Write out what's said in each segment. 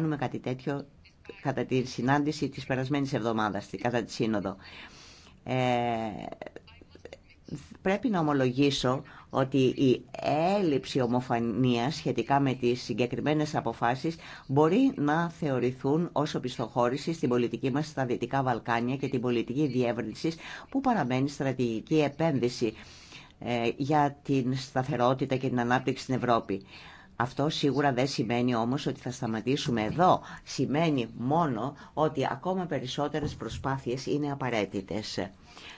κάνουμε κάτι τέτοιο κατά τη συνάντηση της περασμένης εβδομάδας, κατά τη σύνοδο. Ε, πρέπει να ομολογήσω ότι η έλλειψη ομοφανίας σχετικά με τις συγκεκριμένες αποφάσεις μπορεί να θεωρηθούν ως οπισθοχώρηση στην πολιτική μας στα Δυτικά Βαλκάνια και την πολιτική διεύρυνση που παραμένει στρατηγική επένδυση ε, για την σταθερότητα και την ανάπτυξη στην Ευρώπη. Αυτό σίγουρα δεν σημαίνει όμως ότι θα σταματήσουμε εδώ. Σημαίνει μόνο ότι ακόμα περισσότερες προσπάθειες είναι απαραίτητες.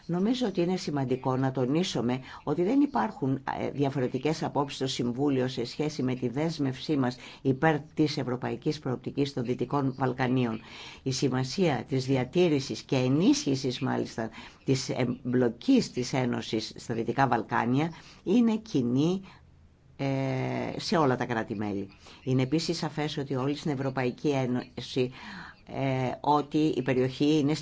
Νομίζω ότι είναι σημαντικό να τονίσουμε ότι δεν υπάρχουν ε, διαφορετικές απόψεις στο Συμβούλιο σε σχέση με τη δέσμευσή μας υπέρ της ευρωπαϊκής προοπτικής των Δυτικών Βαλκανίων. Η σημασία της διατήρησης και ενίσχυσης μάλιστα της εμπλοκής της Ένωσης στα Δυτικά Βαλκάνια είναι κοινή ε, σε όλα τα κράτη-μέλη. Είναι επίσης σαφές ότι όλοι στην Ευρωπαϊκή Ένωση ε, ότι η περιοχή είναι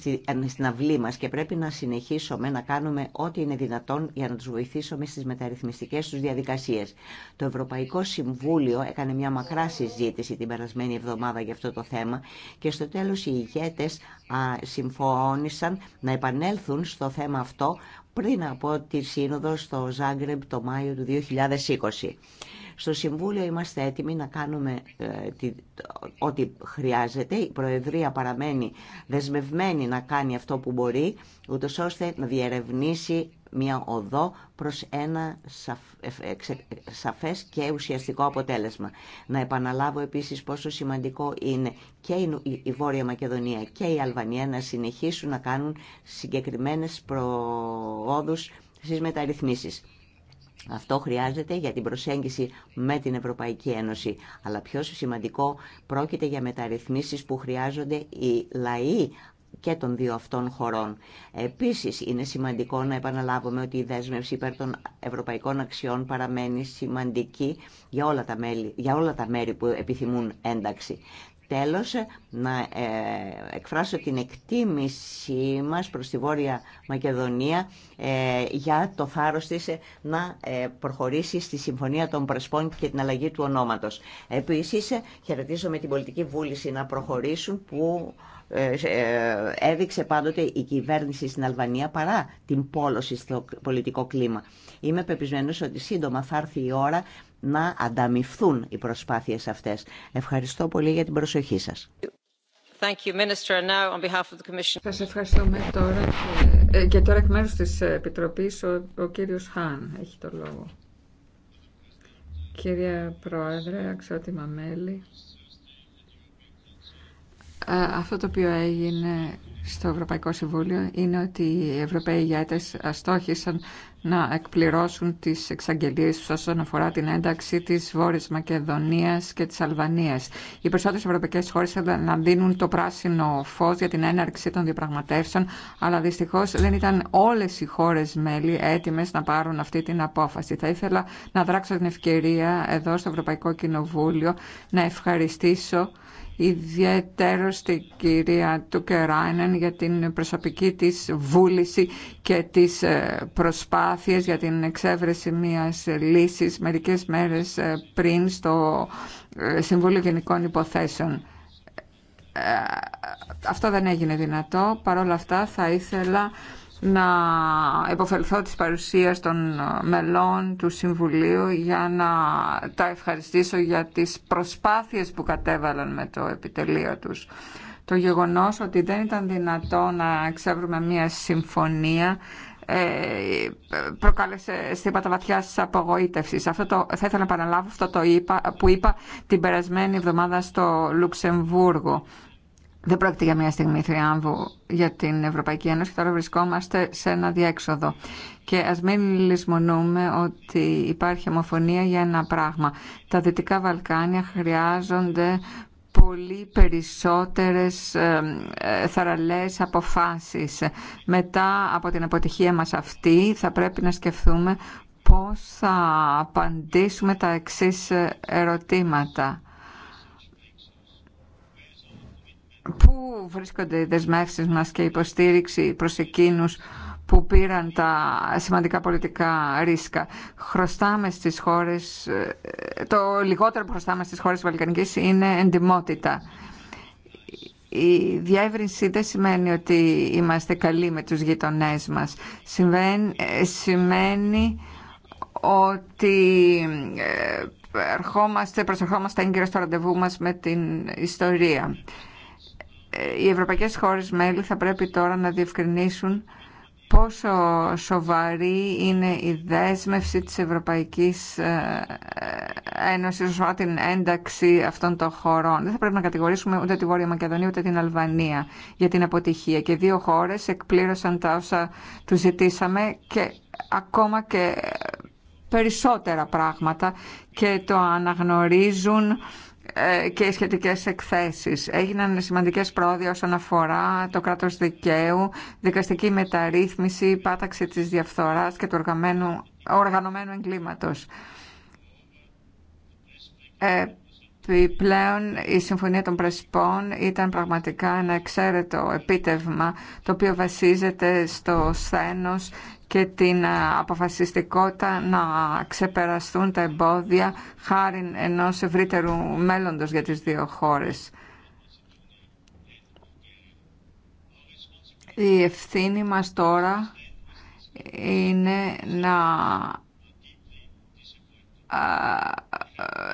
στην αυλή μας και πρέπει να συνεχίσουμε να κάνουμε ό,τι είναι δυνατόν για να τους βοηθήσουμε στις μεταρρυθμιστικές τους διαδικασίες. Το Ευρωπαϊκό Συμβούλιο έκανε μια μακρά συζήτηση την περασμένη εβδομάδα για αυτό το θέμα και στο τέλος οι ηγέτες συμφώνησαν να επανέλθουν στο θέμα αυτό πριν από τη Σύνοδο στο Ζάγκρεμπ το Μάιο του 2020. Στο Συμβούλιο είμαστε έτοιμοι να κάνουμε ε, ό,τι χρειάζεται. Η Προεδρία παραμένει δεσμευμένη να κάνει αυτό που μπορεί, ούτως ώστε να διερευνήσει μια οδό προς ένα σαφές και ουσιαστικό αποτέλεσμα. Να επαναλάβω επίσης πόσο σημαντικό είναι και η Βόρεια Μακεδονία και η Αλβανία να συνεχίσουν να κάνουν συγκεκριμένες προόδους στις μεταρρυθμίσεις. Αυτό χρειάζεται για την προσέγγιση με την Ευρωπαϊκή Ένωση. Αλλά πιο σημαντικό πρόκειται για μεταρρυθμίσεις που χρειάζονται οι λαοί και των δύο αυτών χωρών. Επίσης, είναι σημαντικό να επαναλάβουμε ότι η δέσμευση υπέρ των ευρωπαϊκών αξιών παραμένει σημαντική για όλα τα, μέλη, για όλα τα μέρη που επιθυμούν ένταξη. Τέλος, να ε, εκφράσω την εκτίμησή μας προς τη Βόρεια Μακεδονία ε, για το θάρρος της να ε, προχωρήσει στη Συμφωνία των Πρεσπών και την αλλαγή του ονόματος. Επίσης, χαιρετίζομαι την πολιτική βούληση να προχωρήσουν που ε, ε, έδειξε πάντοτε η κυβέρνηση στην Αλβανία παρά την πόλωση στο πολιτικό κλίμα. Είμαι πεπισμένος ότι σύντομα θα έρθει η ώρα να ανταμυφθούν οι προσπάθειες αυτές. Ευχαριστώ πολύ για την προσοχή σας. Thank you, Minister. Now, on behalf of the Commission... ευχαριστούμε τώρα ε, και, τώρα εκ μέρους της Επιτροπής ο, κύριος Χάν έχει το λόγο. Κυρία Πρόεδρε, αξιότιμα μέλη, αυτό το οποίο έγινε στο Ευρωπαϊκό Συμβούλιο είναι ότι οι Ευρωπαίοι ηγέτες αστόχησαν να εκπληρώσουν τις εξαγγελίες τους όσον αφορά την ένταξη της Βόρειας Μακεδονίας και της Αλβανίας. Οι περισσότερες ευρωπαϊκές χώρες θέλουν να δίνουν το πράσινο φως για την έναρξη των διαπραγματεύσεων, αλλά δυστυχώς δεν ήταν όλες οι χώρες μέλη έτοιμες να πάρουν αυτή την απόφαση. Θα ήθελα να δράξω την ευκαιρία εδώ στο Ευρωπαϊκό Κοινοβούλιο να ευχαριστήσω ιδιαίτερο στην κυρία Ράινεν για την προσωπική της βούληση και τις ε, προσπάθειες για την εξέβρεση μιας λύσης μερικές μέρες ε, πριν στο ε, Συμβούλιο Γενικών Υποθέσεων. Αυτό δεν έγινε δυνατό. Παρ' όλα αυτά θα ήθελα να υποφελθώ της παρουσίας των μελών του Συμβουλίου για να τα ευχαριστήσω για τις προσπάθειες που κατέβαλαν με το επιτελείο τους. Το γεγονός ότι δεν ήταν δυνατό να εξεύρουμε μια συμφωνία ε, προκάλεσε στήματα βαθιά απογοήτευση. Αυτό το, θα ήθελα να παραλάβω αυτό το που είπα την περασμένη εβδομάδα στο Λουξεμβούργο. Δεν πρόκειται για μια στιγμή θριάμβου για την Ευρωπαϊκή Ένωση. Τώρα βρισκόμαστε σε ένα διέξοδο. Και ας μην λησμονούμε ότι υπάρχει ομοφωνία για ένα πράγμα. Τα Δυτικά Βαλκάνια χρειάζονται πολύ περισσότερες ε, θαραλές αποφάσεις. Μετά από την αποτυχία μας αυτή θα πρέπει να σκεφτούμε πώς θα απαντήσουμε τα εξής ε, ερωτήματα Πού βρίσκονται οι δεσμεύσεις μας και η υποστήριξη προς εκείνους που πήραν τα σημαντικά πολιτικά ρίσκα. Χρωστάμε στις χώρες, ε, το λιγότερο που χρωστάμε στις χώρες Βαλκανικής είναι εντιμότητα. Η διεύρυνση δεν σημαίνει ότι είμαστε καλοί με τους γειτονές μας. Ε, σημαίνει, ότι ε, ερχόμαστε, προσερχόμαστε έγκυρα στο ραντεβού μας με την ιστορία οι ευρωπαϊκές χώρες μέλη θα πρέπει τώρα να διευκρινίσουν πόσο σοβαρή είναι η δέσμευση της Ευρωπαϊκής ε, ε, Ένωσης όσον την ένταξη αυτών των χωρών. Δεν θα πρέπει να κατηγορήσουμε ούτε τη Βόρεια Μακεδονία ούτε την Αλβανία για την αποτυχία. Και δύο χώρες εκπλήρωσαν τα όσα του ζητήσαμε και ακόμα και περισσότερα πράγματα και το αναγνωρίζουν ε, και οι σχετικές εκθέσεις. Έγιναν σημαντικές πρόοδοι όσον αφορά το κράτος δικαίου, δικαστική μεταρρύθμιση, πάταξη της διαφθοράς και του οργανωμένου, οργανωμένου εγκλήματος. Ε, επιπλέον, η Συμφωνία των Πρεσπών ήταν πραγματικά ένα εξαίρετο επίτευγμα, το οποίο βασίζεται στο σθένος και την ε, αποφασιστικότητα να ξεπεραστούν τα εμπόδια χάρη ενός ευρύτερου μέλλοντος για τις δύο χώρες. Η ευθύνη μας τώρα είναι να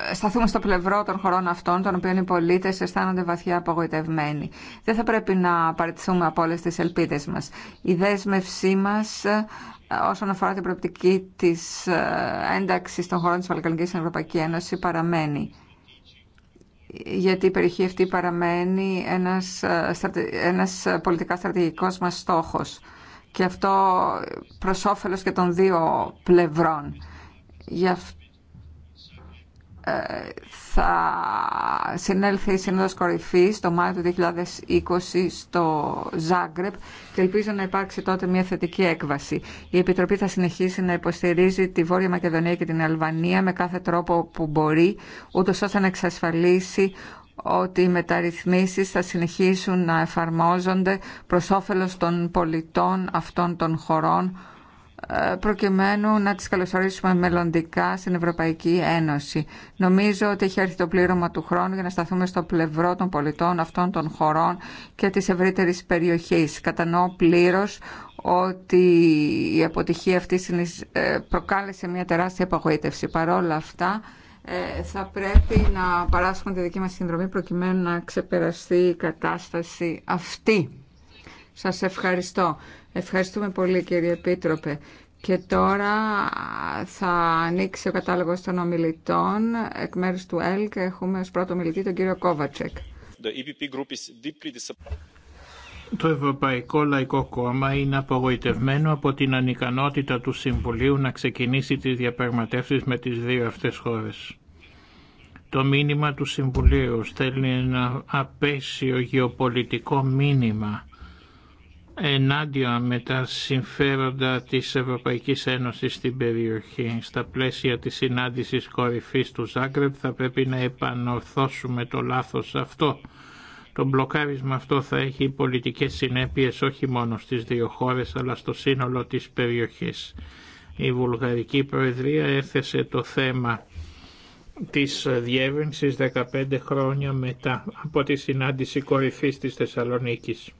ε, σταθούμε στο πλευρό των χωρών αυτών, των οποίων οι πολίτε αισθάνονται βαθιά απογοητευμένοι. Δεν θα πρέπει να παραιτηθούμε από όλε τι ελπίδε μα. Η δέσμευσή μα ε, όσον αφορά την προοπτική τη ε, ένταξη των χωρών τη Βαλκανική στην Ευρωπαϊκή Ένωση παραμένει. Γιατί η περιοχή αυτή παραμένει ένας, ένας πολιτικά στρατηγικός μας στόχος και αυτό προς όφελος και των δύο πλευρών. Γι' αυτό ε, θα συνέλθει η Σύνοδος Κορυφής το Μάιο του 2020 στο Ζάγκρεπ και ελπίζω να υπάρξει τότε μια θετική έκβαση. Η Επιτροπή θα συνεχίσει να υποστηρίζει τη Βόρεια Μακεδονία και την Αλβανία με κάθε τρόπο που μπορεί, ούτως ώστε να εξασφαλίσει ότι οι μεταρρυθμίσεις θα συνεχίσουν να εφαρμόζονται προς όφελος των πολιτών αυτών των χωρών ε, προκειμένου να τις καλωσορίσουμε μελλοντικά στην Ευρωπαϊκή Ένωση. Νομίζω ότι έχει έρθει το πλήρωμα του χρόνου για να σταθούμε στο πλευρό των πολιτών αυτών των χωρών και της ευρύτερης περιοχής. Κατανοώ πλήρως ότι η αποτυχία αυτή ε, προκάλεσε μια τεράστια απογοήτευση. Παρόλα αυτά, ε, θα πρέπει να παράσχουμε τη δική μας συνδρομή προκειμένου να ξεπεραστεί η κατάσταση αυτή. Σας ευχαριστώ. Ευχαριστούμε πολύ κύριε Επίτροπε. Και τώρα θα ανοίξει ο κατάλογος των ομιλητών. Εκ μέρους του ΕΛΚ έχουμε ως πρώτο ομιλητή τον κύριο Κόβατσεκ. E Το Ευρωπαϊκό Λαϊκό Κόμμα είναι απογοητευμένο από την ανικανότητα του Συμβουλίου να ξεκινήσει τις διαπραγματεύσεις με τις δύο αυτές χώρες. Το μήνυμα του Συμβουλίου στέλνει ένα απέσιο γεωπολιτικό μήνυμα ενάντια με τα συμφέροντα της Ευρωπαϊκής Ένωσης στην περιοχή. Στα πλαίσια της συνάντησης κορυφής του Ζάγκρεπ θα πρέπει να επανορθώσουμε το λάθος αυτό. Το μπλοκάρισμα αυτό θα έχει πολιτικές συνέπειες όχι μόνο στις δύο χώρες αλλά στο σύνολο της περιοχής. Η Βουλγαρική Προεδρία έθεσε το θέμα της διεύρυνσης 15 χρόνια μετά από τη συνάντηση κορυφής της Θεσσαλονίκης.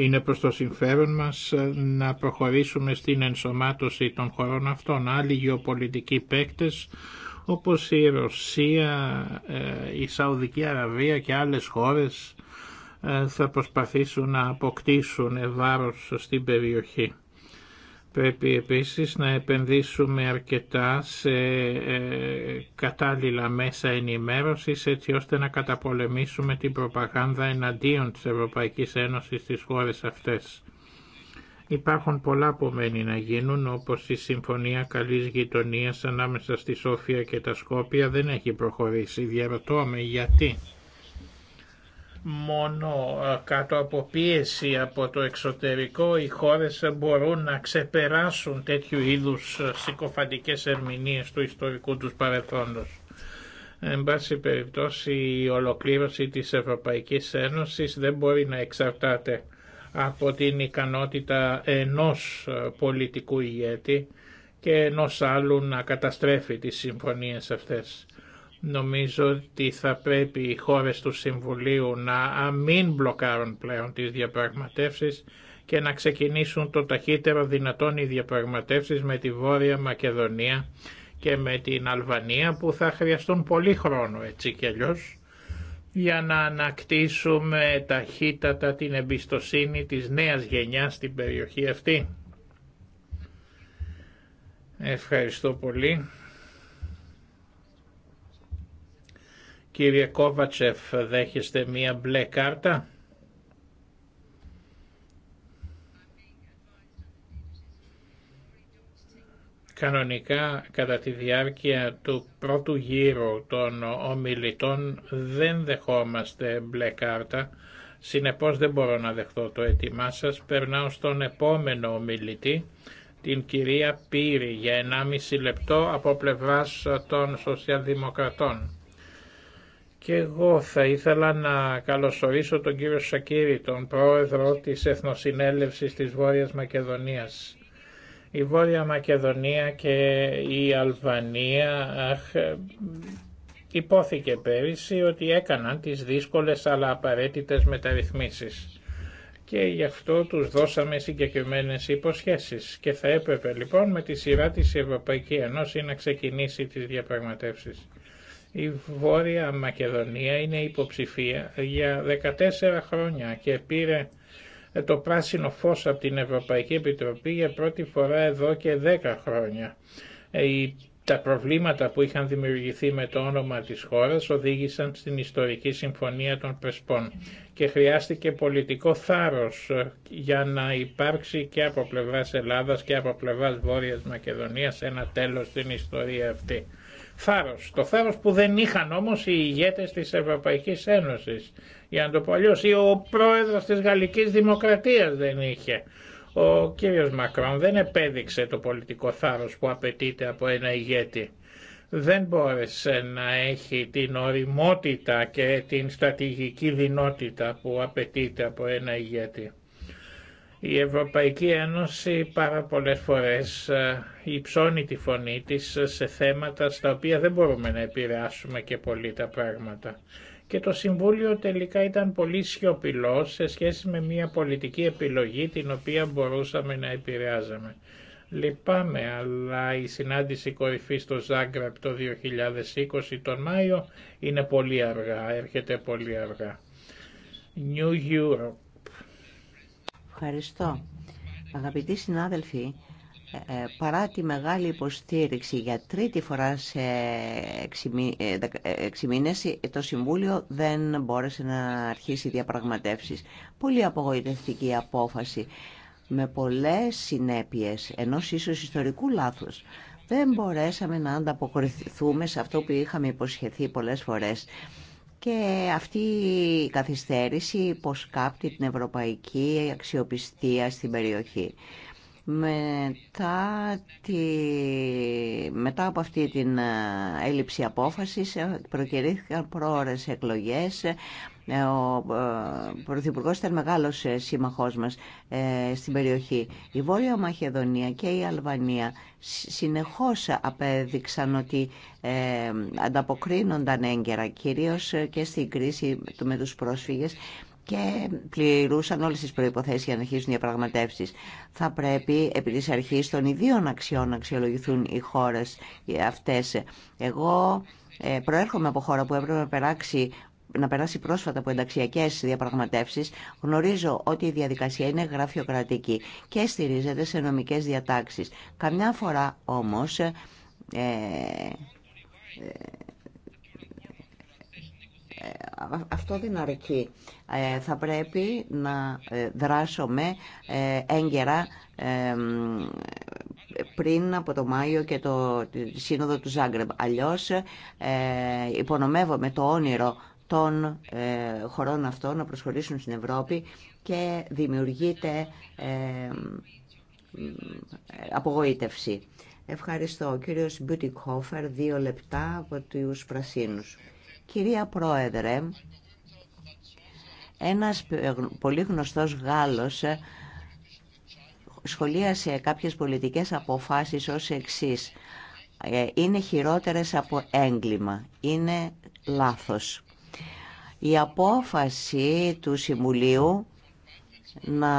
Είναι προς το συμφέρον μας ε, να προχωρήσουμε στην ενσωμάτωση των χωρών αυτών. Άλλοι γεωπολιτικοί παίκτες όπως η Ρωσία, ε, η Σαουδική Αραβία και άλλες χώρες ε, θα προσπαθήσουν να αποκτήσουν βάρος στην περιοχή. Πρέπει επίσης να επενδύσουμε αρκετά σε ε, κατάλληλα μέσα ενημέρωσης έτσι ώστε να καταπολεμήσουμε την προπαγάνδα εναντίον της Ευρωπαϊκής Ένωσης στις χώρες αυτές. Υπάρχουν πολλά που μένει να γίνουν όπως η Συμφωνία Καλής Γειτονίας ανάμεσα στη Σόφια και τα Σκόπια δεν έχει προχωρήσει. Διαρωτώ με γιατί μόνο ε, κάτω από πίεση από το εξωτερικό οι χώρες μπορούν να ξεπεράσουν τέτοιου είδους ε, συκοφαντικές ερμηνείες του ιστορικού τους παρελθόντος. Εν πάση περιπτώσει η ολοκλήρωση της Ευρωπαϊκής Ένωσης δεν μπορεί να εξαρτάται από την ικανότητα ενός ε, πολιτικού ηγέτη και ενός άλλου να καταστρέφει τις συμφωνίες αυτές. Νομίζω ότι θα πρέπει οι χώρες του Συμβουλίου να μην μπλοκάρουν πλέον τις διαπραγματεύσεις και να ξεκινήσουν το ταχύτερο δυνατόν οι διαπραγματεύσεις με τη Βόρεια Μακεδονία και με την Αλβανία που θα χρειαστούν πολύ χρόνο έτσι κι αλλιώς για να ανακτήσουμε ταχύτατα την εμπιστοσύνη της νέας γενιάς στην περιοχή αυτή. Ευχαριστώ πολύ. Κύριε Κόβατσεφ, δέχεστε μία μπλε κάρτα. Κανονικά, κατά τη διάρκεια του πρώτου γύρου των ομιλητών δεν δεχόμαστε μπλε κάρτα. Συνεπώς δεν μπορώ να δεχτώ το έτοιμά σας. Περνάω στον επόμενο ομιλητή, την κυρία Πύρη, για 1,5 λεπτό από πλευράς των Σοσιαλδημοκρατών. Και εγώ θα ήθελα να καλωσορίσω τον κύριο Σακύρη, τον πρόεδρο της Εθνοσυνέλευσης της Βόρειας Μακεδονίας. Η Βόρεια Μακεδονία και η Αλβανία αχ, υπόθηκε πέρυσι ότι έκαναν τις δύσκολες αλλά απαραίτητες μεταρρυθμίσεις και γι' αυτό τους δώσαμε συγκεκριμένες υποσχέσεις και θα έπρεπε λοιπόν με τη σειρά της Ευρωπαϊκή Ένωση να ξεκινήσει τις διαπραγματεύσεις. Η Βόρεια Μακεδονία είναι υποψηφία για 14 χρόνια και πήρε το πράσινο φως από την Ευρωπαϊκή Επιτροπή για πρώτη φορά εδώ και 10 χρόνια. Τα προβλήματα που είχαν δημιουργηθεί με το όνομα της χώρας οδήγησαν στην ιστορική συμφωνία των Πρεσπών και χρειάστηκε πολιτικό θάρρος ε, για να υπάρξει και από πλευράς Ελλάδας και από πλευράς Βόρειας Μακεδονίας ένα τέλος στην ιστορία αυτή θάρρος. Το θάρρος που δεν είχαν όμως οι ηγέτες τη Ευρωπαϊκή Ένωση. Για να το πω ή ο πρόεδρος της Γαλλικής Δημοκρατίας δεν είχε. Ο κύριος Μακρόν δεν επέδειξε το πολιτικό θάρρο που απαιτείται από ένα ηγέτη. Δεν μπόρεσε να έχει την οριμότητα και την στρατηγική δυνότητα που απαιτείται από ένα ηγέτη. Η Ευρωπαϊκή Ένωση πάρα πολλές φορές ε, υψώνει τη φωνή της σε θέματα στα οποία δεν μπορούμε να επηρεάσουμε και πολύ τα πράγματα. Και το Συμβούλιο τελικά ήταν πολύ σιωπηλό σε σχέση με μια πολιτική επιλογή την οποία μπορούσαμε να επηρεάζαμε. Λυπάμαι, αλλά η συνάντηση κορυφή στο Ζάγκραπ το 2020 τον Μάιο είναι πολύ αργά, έρχεται πολύ αργά. New Europe Ευχαριστώ. Αγαπητοί συνάδελφοι, ε, ε, παρά τη μεγάλη υποστήριξη για τρίτη φορά σε ε, έξι μήνες το Συμβούλιο δεν μπόρεσε να αρχίσει διαπραγματεύσεις. Πολύ απογοητευτική απόφαση με πολλές συνέπειες ενό ίσως ιστορικού λάθους. Δεν μπορέσαμε να ανταποκριθούμε σε αυτό που είχαμε υποσχεθεί πολλές φορές. Και αυτή η καθυστέρηση υποσκάπτει την ευρωπαϊκή αξιοπιστία στην περιοχή. Μετά, τη... Μετά από αυτή την ε, έλλειψη απόφασης ε, προκυρήθηκαν πρόορες εκλογές ε, ο ε, Πρωθυπουργό ήταν μεγάλος ε, σύμμαχο μας στην περιοχή. Η Βόρεια Μαχεδονία και η Αλβανία συνεχώ απέδειξαν ότι ανταποκρίνονταν έγκαιρα, κυρίω και στην κρίση με του πρόσφυγε και πληρούσαν όλες τις προϋποθέσεις για να αρχίσουν οι διαπραγματεύσει. Θα πρέπει επί της αρχής των ιδίων αξιών να αξιολογηθούν οι χώρες αυτές. Εγώ προέρχομαι από χώρα που έπρεπε να περάξει να περάσει πρόσφατα από ενταξιακέ διαπραγματεύσει, γνωρίζω ότι η διαδικασία είναι γραφειοκρατική και στηρίζεται σε νομικέ διατάξει. Καμιά φορά όμω. Ε, ε, ε, αυτό δεν αρκεί. Ε, θα πρέπει να ε, δράσουμε έγκαιρα πριν από το Μάιο και το σύνοδο του Ζάγκρεμ. Αλλιώς υπονομεύομαι το όνειρο των ε, χωρών αυτών να προσχωρήσουν στην Ευρώπη και δημιουργείται ε, απογοήτευση. Ευχαριστώ. Ο κύριος Μπιουτικόφερ, δύο λεπτά από τους Πρασίνους. Κυρία Πρόεδρε, ένας πολύ γνωστός Γάλλος ε, σχολίασε κάποιες πολιτικές αποφάσεις ως εξής. Είναι χειρότερες από έγκλημα. Είναι λάθος. Η απόφαση του Συμβουλίου να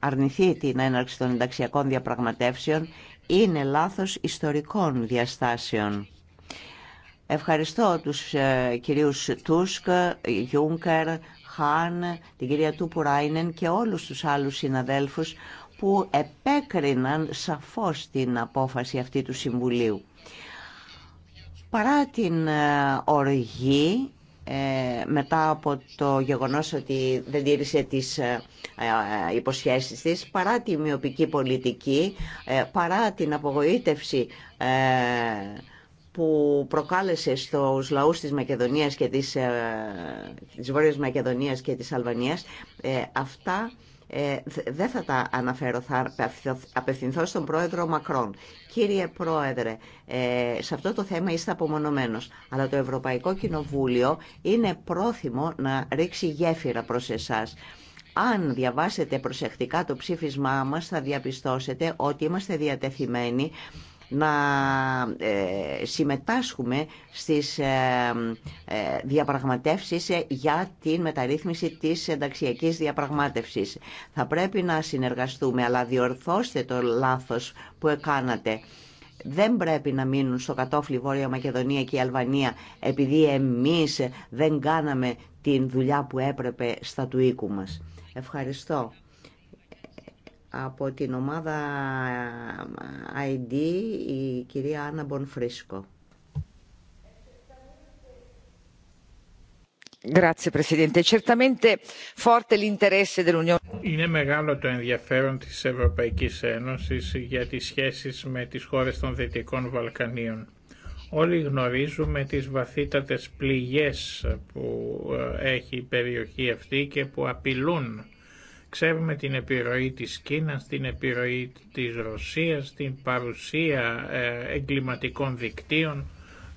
αρνηθεί την έναρξη των ενταξιακών διαπραγματεύσεων είναι λάθος ιστορικών διαστάσεων. Ευχαριστώ τους ε, κυρίους Τούσκ, Γιούνκερ, Χάν, την κυρία Τούπουράινεν και όλους τους άλλους συναδέλφους που επέκριναν σαφώς την απόφαση αυτή του Συμβουλίου. Παρά την ε, οργή ε, μετά από το γεγονός ότι δεν τήρησε τις ε, ε, υποσχέσεις της, παρά τη μειοπική πολιτική, παρά την απογοήτευση που προκάλεσε στους λαούς της Μακεδονίας και της, της Βόρειας Μακεδονίας και της Αλβανίας, αυτά ε, δεν θα τα αναφέρω, θα απευθυνθώ στον πρόεδρο Μακρόν. Κύριε Πρόεδρε, ε, σε αυτό το θέμα είστε απομονωμένος, αλλά το Ευρωπαϊκό Κοινοβούλιο είναι πρόθυμο να ρίξει γέφυρα προς εσάς. Αν διαβάσετε προσεκτικά το ψήφισμά μας θα διαπιστώσετε ότι είμαστε διατεθειμένοι να ε, συμμετάσχουμε στις ε, ε, διαπραγματεύσεις για την μεταρρύθμιση της ενταξιακής διαπραγμάτευσης. Θα πρέπει να συνεργαστούμε, αλλά διορθώστε το λάθος που εκάνατε. Δεν πρέπει να μείνουν στο κατόφλι Βόρεια Μακεδονία και η Αλβανία επειδή εμείς δεν κάναμε την δουλειά που έπρεπε στα του οίκου μας. Ευχαριστώ από την ομάδα ID η κυρία Άννα Μπονφρίσκο. Είναι μεγάλο το ενδιαφέρον της Ευρωπαϊκής Ένωσης για τις σχέσεις με τις χώρες των Δυτικών Βαλκανίων. Όλοι γνωρίζουμε τις βαθύτατες πληγές που ε, έχει η περιοχή αυτή και που απειλούν Ξέρουμε την επιρροή της Κίνας, την επιρροή της Ρωσίας, την παρουσία ε, εγκληματικών δικτύων,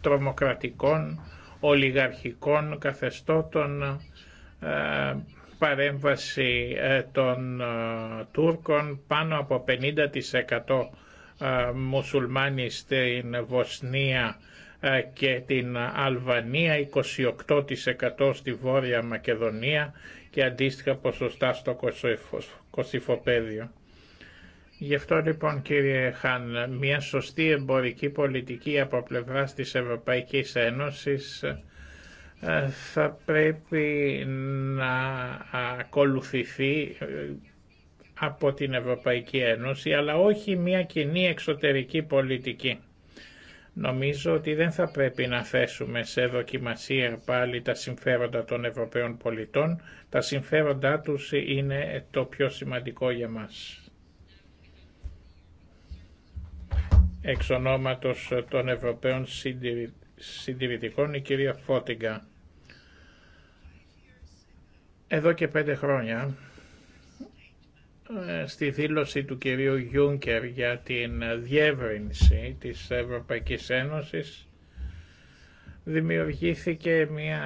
τρομοκρατικών, ολιγαρχικών καθεστώτων, ε, παρέμβαση ε, των Τούρκων, πάνω από 50% μουσουλμάνοι στην Βοσνία και την Αλβανία, 28% στη Βόρεια Μακεδονία, και αντίστοιχα ποσοστά στο κοσυφοπαίδιο. Γι' αυτό λοιπόν κύριε Χάν, μια σωστή εμπορική πολιτική από πλευρά της Ευρωπαϊκής Ένωσης ε, θα πρέπει να ακολουθηθεί ε, από την Ευρωπαϊκή Ένωση, αλλά όχι μια κοινή εξωτερική πολιτική. Νομίζω ότι δεν θα πρέπει να θέσουμε σε δοκιμασία πάλι τα συμφέροντα των Ευρωπαίων πολιτών. Τα συμφέροντά τους είναι το πιο σημαντικό για μας. Εξ ονόματος των Ευρωπαίων Συντηρητικών, η κυρία Φώτιγκα. Εδώ και πέντε χρόνια ε, στη δήλωση του κυρίου Γιούνκερ για την διεύρυνση της Ευρωπαϊκής Ένωσης δημιουργήθηκε μια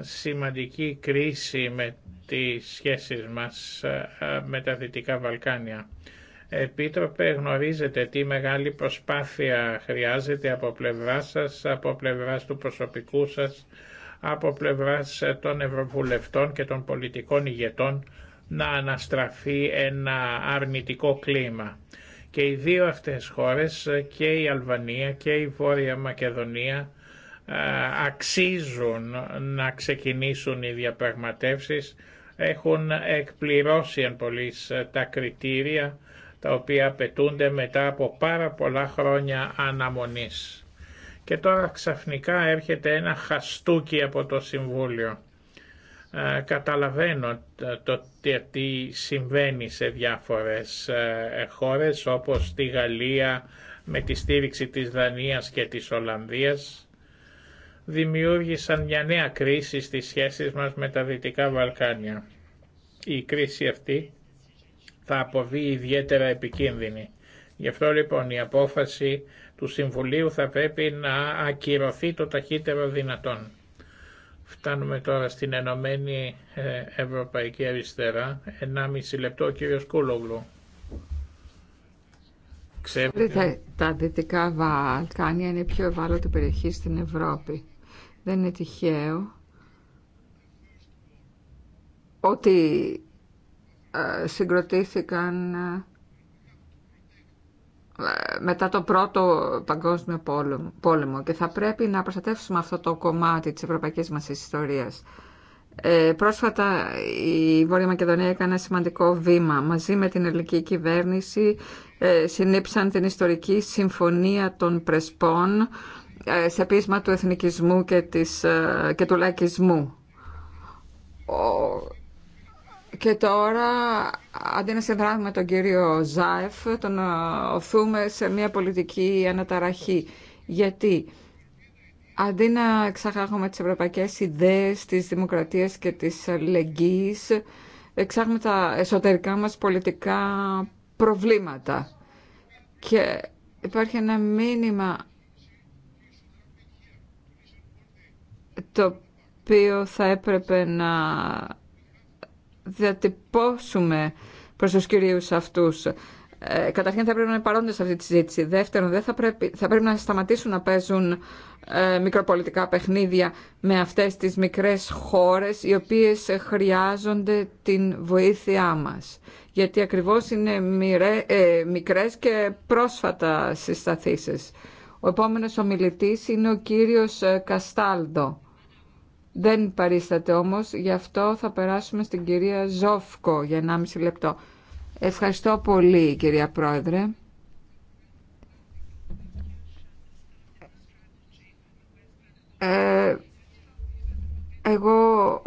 σημαντική κρίση με τις σχέσεις μας ε, ε, με τα Δυτικά Βαλκάνια. Επίτροπε, γνωρίζετε τι μεγάλη προσπάθεια χρειάζεται από πλευρά σας, από πλευρά του προσωπικού σας, από πλευρά των Ευρωβουλευτών και των πολιτικών ηγετών να αναστραφεί ένα αρνητικό κλίμα. Και οι δύο αυτές χώρες, και η Αλβανία και η Βόρεια Μακεδονία, ε, αξίζουν να ξεκινήσουν οι διαπραγματεύσεις, έχουν εκπληρώσει αν πολλής, ε, τα κριτήρια τα οποία απαιτούνται μετά από πάρα πολλά χρόνια αναμονής. Και τώρα ξαφνικά έρχεται ένα χαστούκι από το Συμβούλιο. Ε, καταλαβαίνω το τι συμβαίνει σε διάφορες ε, χώρες όπως τη Γαλλία με τη στήριξη της Δανίας και της Ολλανδίας δημιούργησαν μια νέα κρίση στις σχέσεις μας με τα Δυτικά Βαλκάνια. Η κρίση αυτή θα αποβεί ιδιαίτερα επικίνδυνη. Γι' αυτό λοιπόν η απόφαση του Συμβουλίου θα πρέπει να ακυρωθεί το ταχύτερο δυνατόν. Φτάνουμε τώρα στην Ενωμένη ε, Ευρωπαϊκή Αριστερά. 1,5 λεπτό ο κύριος Κούλογλου. Ξέρετε, τα δυτικά Βαλκάνια είναι η πιο ευάλωτη περιοχή στην Ευρώπη. Δεν είναι τυχαίο ότι ε, συγκροτήθηκαν ε, μετά το πρώτο παγκόσμιο πόλεμο και θα πρέπει να προστατεύσουμε αυτό το κομμάτι της ευρωπαϊκής μας ιστορίας. Ε, πρόσφατα η Βόρεια Μακεδονία έκανε ένα σημαντικό βήμα. Μαζί με την ελληνική κυβέρνηση ε, συνήψαν την ιστορική συμφωνία των Πρεσπών ε, σε πείσμα του εθνικισμού και, ε, και του λαϊκισμού. Και τώρα, αντί να συνδράμουμε τον κύριο Ζάεφ, τον ε, οθούμε σε μια πολιτική αναταραχή. Γιατί αντί να εξαγάγουμε τις ευρωπαϊκές ιδέες της δημοκρατίας και της αλληλεγγύης, εξάγουμε τα εσωτερικά μας πολιτικά προβλήματα. Και υπάρχει ένα μήνυμα το οποίο θα έπρεπε να διατυπώσουμε προς τους κυρίους αυτούς. Ε, καταρχήν θα πρέπει να είναι παρόντες σε αυτή τη συζήτηση. Δεύτερον, δεν θα, πρέπει, θα πρέπει να σταματήσουν να παίζουν ε, μικροπολιτικά παιχνίδια με αυτές τις μικρές χώρες οι οποίες χρειάζονται την βοήθειά μας. Γιατί ακριβώς είναι μοιρέ, ε, μικρές και πρόσφατα συσταθήσεις. Ο επόμενος ομιλητής είναι ο κύριος Καστάλντο δεν παρίσταται όμως, γι' αυτό θα περάσουμε στην κυρία Ζόφκο για 1,5 λεπτό. Ευχαριστώ πολύ κυρία Πρόεδρε. Ε, εγώ,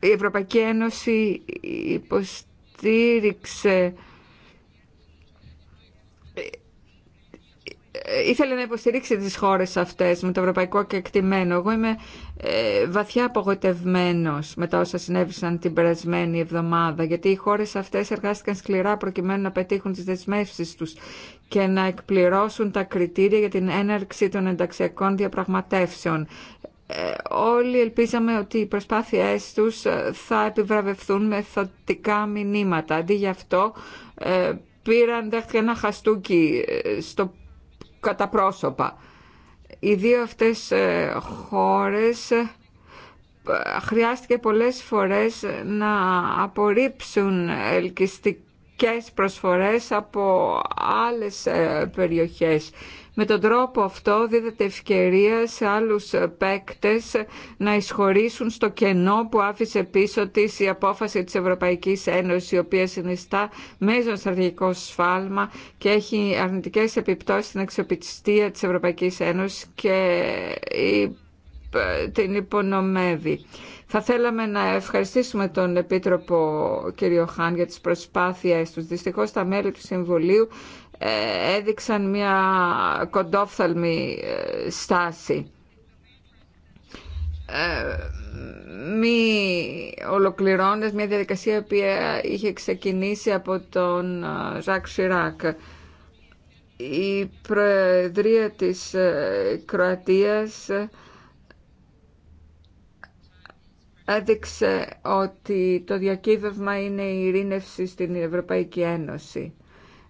η Ευρωπαϊκή Ένωση υποστήριξε Ε, ήθελε να υποστηρίξει τις χώρες αυτές με το ευρωπαϊκό κεκτημένο. Εγώ είμαι ε, βαθιά απογοητευμένος μετά όσα συνέβησαν την περασμένη εβδομάδα, γιατί οι χώρες αυτές εργάστηκαν σκληρά προκειμένου να πετύχουν τις δεσμεύσεις τους και να εκπληρώσουν τα κριτήρια για την έναρξη των ενταξιακών διαπραγματεύσεων. Ε, όλοι ελπίζαμε ότι οι προσπάθειές τους θα επιβραβευθούν με θετικά μηνύματα. Αντί γι' αυτό πήραν, ένα χαστούκι στο κατά πρόσωπα. Οι δύο αυτές ε, χώρες ε, χρειάστηκε πολλές φορές να απορρίψουν ελκυστικά και προσφορές από άλλες ε, περιοχές. Με τον τρόπο αυτό δίδεται ευκαιρία σε άλλους ε, παίκτες να εισχωρήσουν στο κενό που άφησε πίσω της η απόφαση της Ευρωπαϊκής Ένωσης, η οποία συνιστά μείζον στρατηγικό σφάλμα και έχει αρνητικές επιπτώσεις στην αξιοπιστία της Ευρωπαϊκής Ένωσης και ε, την υπονομεύει. Θα θέλαμε να ευχαριστήσουμε τον Επίτροπο κ. Χάν για τις προσπάθειες τους. Δυστυχώς τα μέλη του Συμβουλίου ε, έδειξαν μια κοντόφθαλμη ε, στάση. Ε, μη ολοκληρωνεις μια διαδικασία που είχε ξεκινήσει από τον Ζακ Σιράκ. Η Προεδρία της Κροατίας έδειξε ότι το διακύβευμα είναι η ειρήνευση στην Ευρωπαϊκή Ένωση.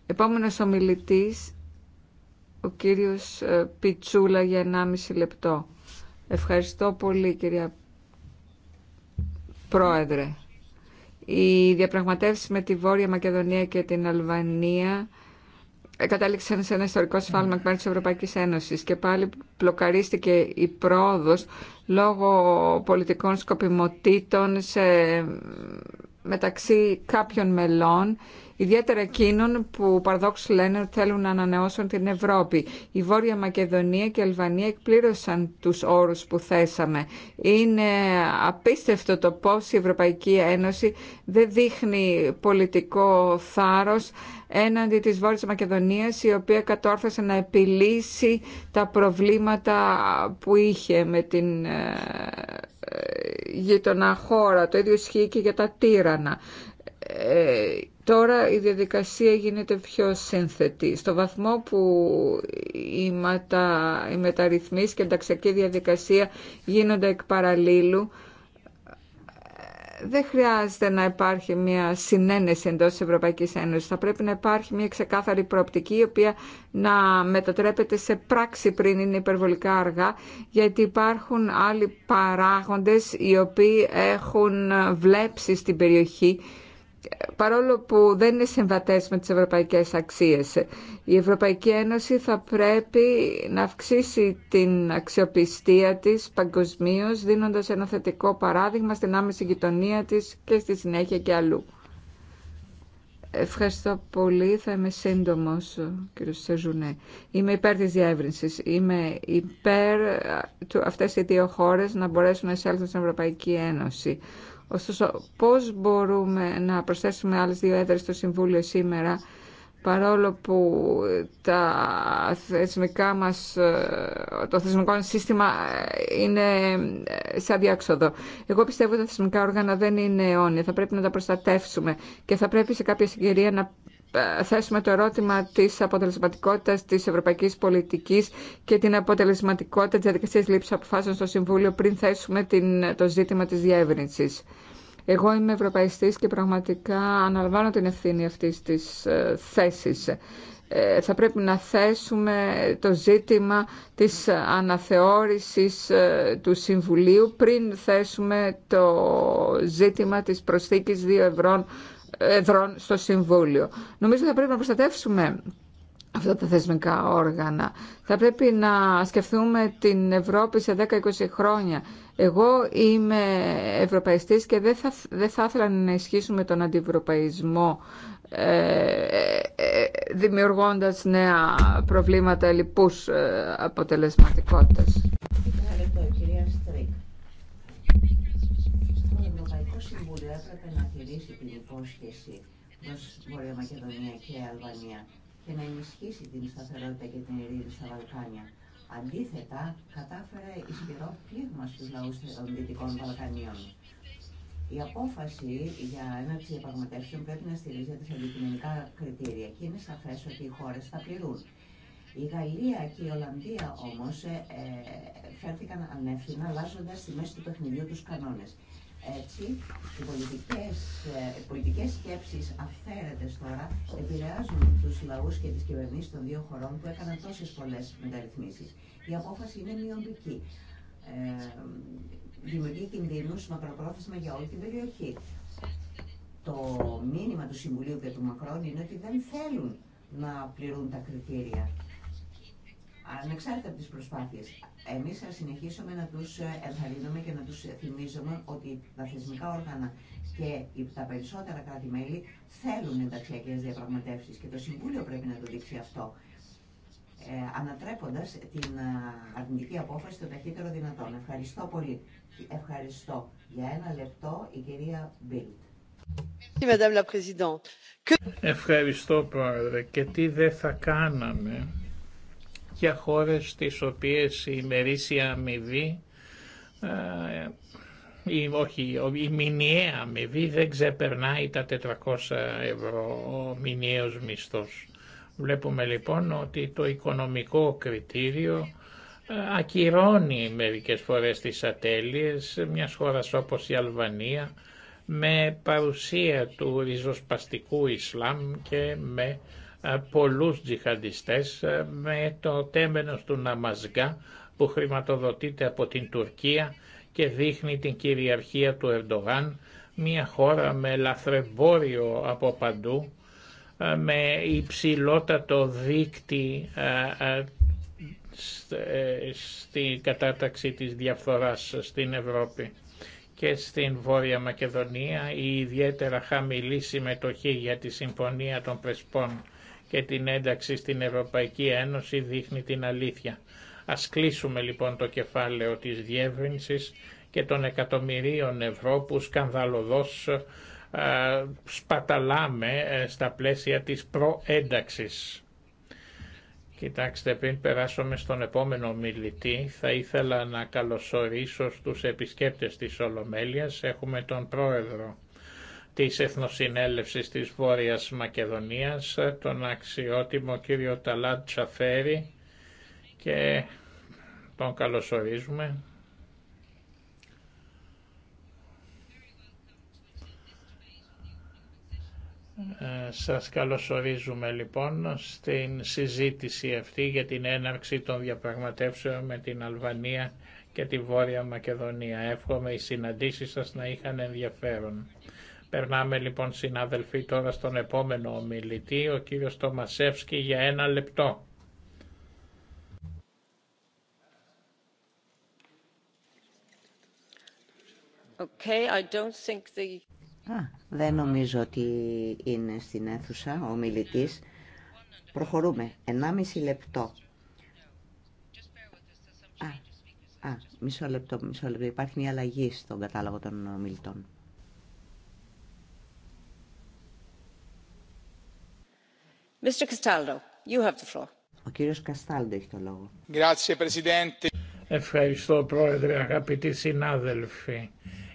Επόμενος ομιλητής, ο κύριος ε, Πιτσούλα για 1,5 λεπτό. Ευχαριστώ πολύ κυρία Πρόεδρε. Οι διαπραγματεύσεις με τη Βόρεια Μακεδονία και την Αλβανία κατάληξαν σε ένα ιστορικό σφάλμα εκ μέρου τη Ευρωπαϊκή Ένωση και πάλι πλοκαρίστηκε η πρόοδο λόγω πολιτικών σκοπιμοτήτων σε, μεταξύ κάποιων μελών ιδιαίτερα εκείνων που παρδόξου λένε ότι θέλουν να ανανεώσουν την Ευρώπη. Η Βόρεια Μακεδονία και η Αλβανία εκπλήρωσαν τους όρους που θέσαμε. Είναι απίστευτο το πώς η Ευρωπαϊκή Ένωση δεν δείχνει πολιτικό θάρρος έναντι της Βόρειας Μακεδονίας η οποία κατόρθωσε να επιλύσει τα προβλήματα που είχε με την ε, ε, γειτονά χώρα. Το ίδιο ισχύει και για τα τύρανα. Ε, Τώρα η διαδικασία γίνεται πιο σύνθετη. Στο βαθμό που οι, μετα... οι μεταρρυθμίσεις και ενταξιακή διαδικασία γίνονται εκ παραλίλου, δεν χρειάζεται να υπάρχει μια συνένεση εντός της Ευρωπαϊκής Ένωσης. Θα πρέπει να υπάρχει μια ξεκάθαρη προοπτική η οποία να μετατρέπεται σε πράξη πριν είναι υπερβολικά αργά γιατί υπάρχουν άλλοι παράγοντες οι οποίοι έχουν βλέψει στην περιοχή παρόλο που δεν είναι συμβατές με τις ευρωπαϊκές αξίες. Η Ευρωπαϊκή Ένωση θα πρέπει να αυξήσει την αξιοπιστία της παγκοσμίω, δίνοντας ένα θετικό παράδειγμα στην άμεση γειτονία της και στη συνέχεια και αλλού. Ευχαριστώ πολύ. Θα είμαι σύντομο, κύριο Σεζουνέ. Είμαι υπέρ τη διεύρυνση. Είμαι υπέρ του αυτέ οι δύο χώρε να μπορέσουν να εισέλθουν στην Ευρωπαϊκή Ένωση. Ωστόσο, πώς μπορούμε να προσθέσουμε άλλες δύο έδρε στο Συμβούλιο σήμερα, παρόλο που τα θεσμικά μας, ε, το θεσμικό σύστημα ε, είναι σε αδιάξοδο. Εγώ πιστεύω ότι τα θεσμικά όργανα δεν είναι αιώνια, θα πρέπει να τα προστατεύσουμε και θα πρέπει σε κάποια συγκυρία να ε, θέσουμε το ερώτημα της αποτελεσματικότητας της ευρωπαϊκής πολιτικής και την αποτελεσματικότητα της διαδικασίας λήψης αποφάσεων στο Συμβούλιο πριν θέσουμε την, το ζήτημα της διεύρυνσης. Εγώ είμαι ευρωπαϊστής και πραγματικά αναλαμβάνω την ευθύνη αυτής της ε, θέσης. Ε, θα πρέπει να θέσουμε το ζήτημα της αναθεώρησης του Συμβουλίου πριν θέσουμε το ζήτημα της προσθήκης δύο ευρών εδρών στο Συμβούλιο. Νομίζω θα πρέπει να προστατεύσουμε αυτά τα θεσμικά όργανα. Θα πρέπει να σκεφτούμε την Ευρώπη σε 10-20 χρόνια. Εγώ είμαι ευρωπαϊστής και δεν θα, δεν θα ήθελα να ισχύσουμε τον αντιευρωπαϊσμό ε, ε, δημιουργώντας νέα προβλήματα λοιπούς ε, αποτελεσματικότητας. υπόσχεση προς Βόρεια Μακεδονία και Αλβανία και να ενισχύσει την σταθερότητα και την ειρήνη στα Βαλκάνια. Αντίθετα, κατάφερε ισχυρό πλήγμα στους λαούς των Δυτικών Βαλκανίων. Η απόφαση για έναρξη διαπραγματεύσεων πρέπει να στηρίζεται σε αντικειμενικά κριτήρια και είναι σαφέ ότι οι χώρε θα πληρούν. Η Γαλλία και η Ολλανδία όμω ε, ε, φέρθηκαν ανεύθυνα, αλλάζοντα στη μέση του παιχνιδιού του κανόνε. Έτσι, οι πολιτικές, ε, πολιτικές σκέψεις αυθαίρετες τώρα επηρεάζουν τους λαούς και τις κυβερνήσεις των δύο χωρών που έκαναν τόσες πολλές μεταρρυθμίσεις. Η απόφαση είναι μειοντική. Ε, δημιουργεί κινδύνους μακροπρόθεσμα για όλη την περιοχή. Το μήνυμα του Συμβουλίου και του Μακρόν είναι ότι δεν θέλουν να πληρούν τα κριτήρια ανεξάρτητα από τις προσπάθειες. Εμείς θα συνεχίσουμε να τους ε, ενθαρρύνουμε και να τους θυμίζουμε ότι τα θεσμικά όργανα και τα περισσότερα κράτη-μέλη θέλουν ενταξιακές διαπραγματεύσεις και το Συμβούλιο πρέπει να το δείξει αυτό ε, ανατρέποντας την ε, αρνητική απόφαση το ταχύτερο δυνατόν. Ευχαριστώ πολύ. Ευχαριστώ. Για ένα λεπτό η κυρία Μπίλτ. Ευχαριστώ Πρόεδρε. Και τι δεν θα κάναμε για χώρες τις οποίες η μερίσια ή ε, όχι, η μηνιαία αμοιβή δεν ξεπερνάει τα 400 ευρώ ο μηνιαίος μισθός. Βλέπουμε λοιπόν ότι το οικονομικό κριτήριο ε, ακυρώνει μερικές φορές τις ατέλειες μιας χώρας όπως η Αλβανία με παρουσία του ριζοσπαστικού Ισλάμ και με ε, πολλούς τζιχαντιστές ε, με το τέμενος του Ναμαζγκά που χρηματοδοτείται από την Τουρκία και δείχνει την κυριαρχία του Ερντογάν, μια χώρα με λαθρεμπόριο από παντού, ε, με υψηλότατο δίκτυ στην κατάταξη της διαφθοράς στην Ευρώπη και στην Βόρεια Μακεδονία η ιδιαίτερα χαμηλή συμμετοχή για τη Συμφωνία των Πρεσπών και την ένταξη στην Ευρωπαϊκή Ένωση δείχνει την αλήθεια. Ας κλείσουμε λοιπόν το κεφάλαιο της διεύρυνσης και των εκατομμυρίων ευρώ που σκανδαλωδώς σπαταλάμε ε, στα πλαίσια της προένταξης. Κοιτάξτε, πριν περάσουμε στον επόμενο μιλητή, θα ήθελα να καλωσορίσω στους επισκέπτες της Ολομέλειας. Έχουμε τον πρόεδρο της Εθνοσυνέλευσης της Βόρειας Μακεδονίας, τον αξιότιμο κύριο Ταλάτ Τσαφέρη και τον καλωσορίζουμε. Ε, σας καλωσορίζουμε λοιπόν στην συζήτηση αυτή για την έναρξη των διαπραγματεύσεων με την Αλβανία και τη Βόρεια Μακεδονία. Εύχομαι οι συναντήσεις σας να είχαν ενδιαφέρον. Περνάμε λοιπόν συναδελφοί τώρα στον επόμενο ομιλητή, ο κύριος Τομασεύσκη για ένα λεπτό. Okay, I don't think the... δεν νομίζω ότι είναι στην αίθουσα ο ομιλητής. Προχωρούμε. 1,5 λεπτό. Α, μισό λεπτό, μισό λεπτό. Υπάρχει μια αλλαγή στον κατάλογο των ομιλητών. Ευχαριστώ πρόεδρε αγαπητοί συνάδελφοι.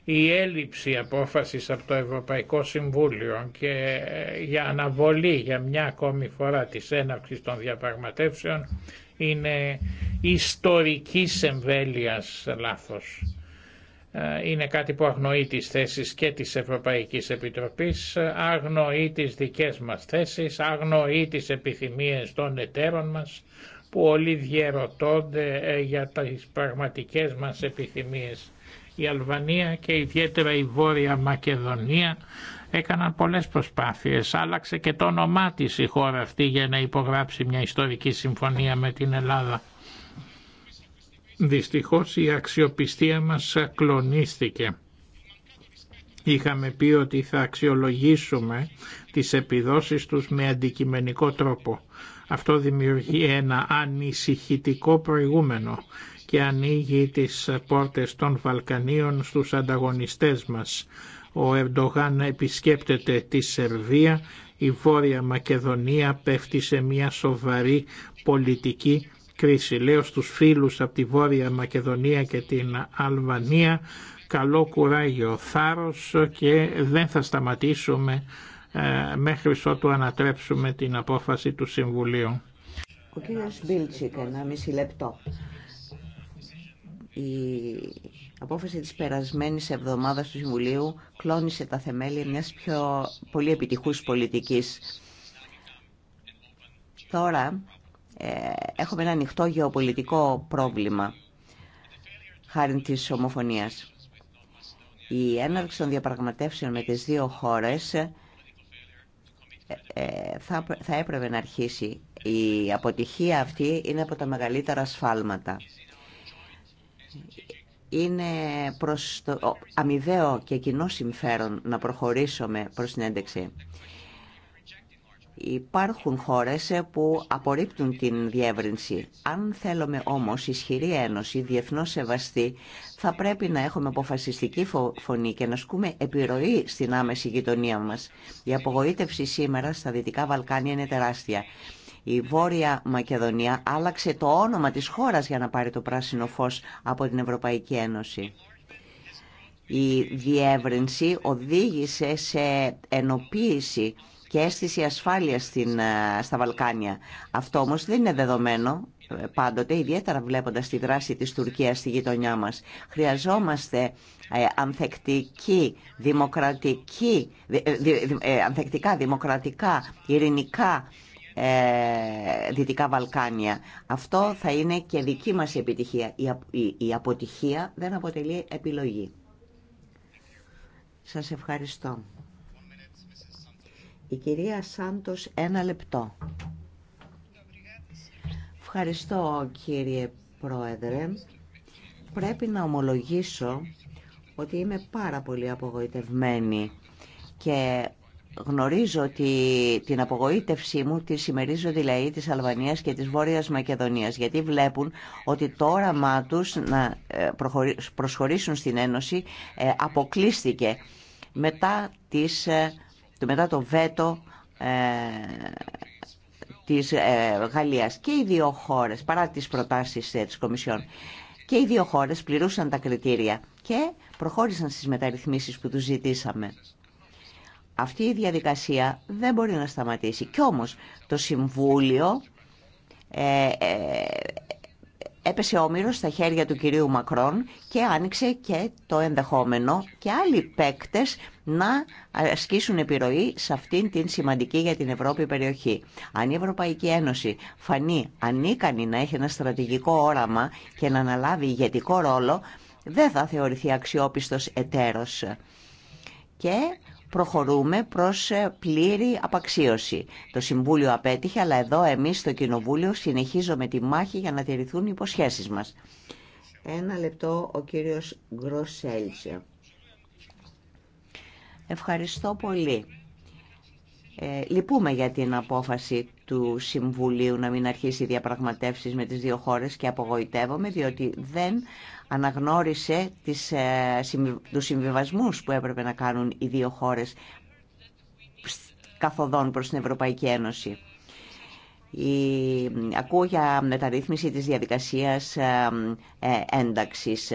Η έλλειψη απόφασης από το Ευρωπαϊκό Συμβούλιο και ε, για αναβολή για μια ακόμη φορά της έναρξης των διαπραγματεύσεων είναι ιστορική εμβέλειας λάθος. Ε, είναι κάτι που αγνοεί τις θέσεις και της Ευρωπαϊκής Επιτροπής, ε, αγνοεί τις δικές μας θέσεις, αγνοεί τις επιθυμίες των εταίρων μας, που όλοι διαιρωτώνται ε, για τις πραγματικές μας επιθυμίες. Η Αλβανία και ιδιαίτερα η Βόρεια Μακεδονία έκαναν πολλές προσπάθειες. Άλλαξε και το όνομά της η χώρα αυτή για να υπογράψει μια ιστορική συμφωνία με την Ελλάδα. Δυστυχώς η αξιοπιστία μας κλονίστηκε. Είχαμε πει ότι θα αξιολογήσουμε τις επιδόσεις τους με αντικειμενικό τρόπο. Αυτό δημιουργεί ένα ανησυχητικό προηγούμενο και ανοίγει τις πόρτες των Βαλκανίων στους ανταγωνιστές μας. Ο Ερντογάν επισκέπτεται τη Σερβία, η Βόρεια Μακεδονία πέφτει σε μια σοβαρή πολιτική κρίση. Λέω στους φίλους από τη Βόρεια Μακεδονία και την Αλβανία καλό κουράγιο, θάρρος και δεν θα σταματήσουμε ε, μέχρι ότου ανατρέψουμε την απόφαση του Συμβουλίου. Ο κύριος Μπίλτσικ, ένα μισή λεπτό. Η απόφαση της περασμένης εβδομάδας του Συμβουλίου κλώνησε τα θεμέλια μιας πιο πολύ επιτυχούς πολιτικής. Τώρα ε, έχουμε ένα ανοιχτό γεωπολιτικό πρόβλημα χάρη της ομοφωνίας. Η έναρξη των διαπραγματεύσεων με τις δύο χώρες ε, ε, θα έπρεπε να αρχίσει. Η αποτυχία αυτή είναι από τα μεγαλύτερα σφάλματα. Είναι προς το αμοιβαίο και κοινό συμφέρον να προχωρήσουμε προς την ένταξη. Υπάρχουν χώρες ε, που απορρίπτουν την διεύρυνση. Αν θέλουμε όμως ισχυρή ένωση, διεθνώς σεβαστή, θα πρέπει να έχουμε αποφασιστική φωνή και να σκούμε επιρροή στην άμεση γειτονία μας. Η απογοήτευση σήμερα στα Δυτικά Βαλκάνια είναι τεράστια. Η Βόρεια Μακεδονία άλλαξε το όνομα της χώρας για να πάρει το πράσινο φως από την Ευρωπαϊκή Ένωση. Η διεύρυνση οδήγησε σε ενοποίηση και αίσθηση ασφάλειας στην, ε, στα Βαλκάνια. Αυτό όμως δεν είναι δεδομένο ε, πάντοτε, ιδιαίτερα βλέποντας τη δράση της Τουρκίας στη γειτονιά μας. Χρειαζόμαστε ε, ανθεκτική, δημοκρατική, ανθεκτικά, δημοκρατικά, ειρηνικά Δυτικά Βαλκάνια. Αυτό θα είναι και δική μας επιτυχία. Η αποτυχία δεν αποτελεί επιλογή. Σας ευχαριστώ. Η κυρία Σάντος, ένα λεπτό. Ευχαριστώ κύριε Πρόεδρε. Πρέπει να ομολογήσω ότι είμαι πάρα πολύ απογοητευμένη και γνωρίζω ότι την απογοήτευσή μου τη σημερίζω δηλαδή της Αλβανίας και της Βόρειας Μακεδονίας γιατί βλέπουν ότι το όραμά τους να ε, προσχωρήσουν στην Ένωση ε, αποκλείστηκε μετά τις ε, μετά το βέτο ε, της ε, Γαλλίας και οι δύο χώρες παρά τις προτάσεις ε, της Κομισιόν και οι δύο χώρες πληρούσαν τα κριτήρια και προχώρησαν στις μεταρρυθμίσεις που τους ζητήσαμε. Αυτή η διαδικασία δεν μπορεί να σταματήσει. Κι όμως το Συμβούλιο ε, ε, έπεσε όμοιρο στα χέρια του κυρίου Μακρόν και άνοιξε και το ενδεχόμενο και άλλοι παίκτες να ασκήσουν επιρροή σε αυτήν την σημαντική για την Ευρώπη περιοχή. Αν η Ευρωπαϊκή Ένωση φανεί ανίκανη να έχει ένα στρατηγικό όραμα και να αναλάβει ηγετικό ρόλο, δεν θα θεωρηθεί αξιόπιστος εταίρος. Και προχωρούμε προς ε, πλήρη απαξίωση. Το Συμβούλιο απέτυχε, αλλά εδώ εμείς στο Κοινοβούλιο συνεχίζουμε τη μάχη για να τηρηθούν οι υποσχέσεις μας. Ένα λεπτό ο κύριος Γκροσέλτσε. Ευχαριστώ πολύ. Ε, λυπούμε για την απόφαση του Συμβουλίου να μην αρχίσει διαπραγματεύσεις με τις δύο χώρες και απογοητεύομαι διότι δεν αναγνώρισε τις, ε, τους συμβιβασμούς που έπρεπε να κάνουν οι δύο χώρες καθοδόν προς την Ευρωπαϊκή Ένωση. Η... Ακούω για μεταρρύθμιση της διαδικασίας ε, ε, ένταξης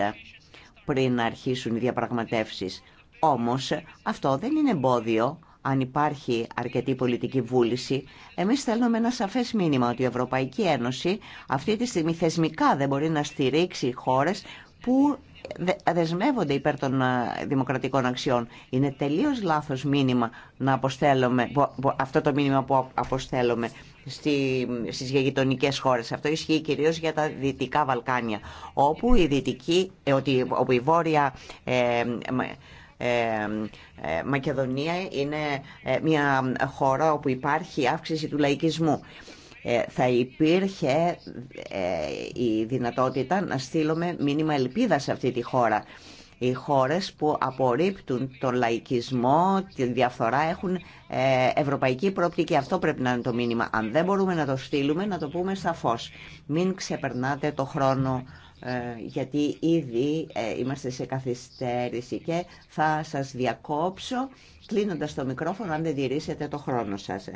πριν να αρχίσουν οι διαπραγματεύσεις. Όμως αυτό δεν είναι εμπόδιο αν υπάρχει αρκετή πολιτική βούληση. Εμείς θέλουμε ένα σαφές μήνυμα ότι η Ευρωπαϊκή Ένωση αυτή τη στιγμή θεσμικά δεν μπορεί να στηρίξει χώρες που δεσμεύονται υπέρ των δημοκρατικών αξιών. Είναι τελείως λάθος μήνυμα να αποστέλουμε, αυτό το μήνυμα που αποστέλουμε στι, στις γειτονικέ χώρες. Αυτό ισχύει κυρίως για τα Δυτικά Βαλκάνια, όπου η, δυτική, ε, όπου η Βόρεια ε, ε, Μακεδονία είναι μια χώρα όπου υπάρχει αύξηση του λαϊκισμού. Ε, θα υπήρχε ε, η δυνατότητα να στείλουμε μήνυμα ελπίδα σε αυτή τη χώρα. Οι χώρες που απορρίπτουν τον λαϊκισμό, τη διαφθορά έχουν ε, ευρωπαϊκή προοπτική. Αυτό πρέπει να είναι το μήνυμα. Αν δεν μπορούμε να το στείλουμε, να το πούμε σαφώς. Μην ξεπερνάτε το χρόνο γιατί ήδη είμαστε σε καθυστέρηση και θα σας διακόψω κλείνοντας το μικρόφωνο αν δεν τηρήσετε το χρόνο σας.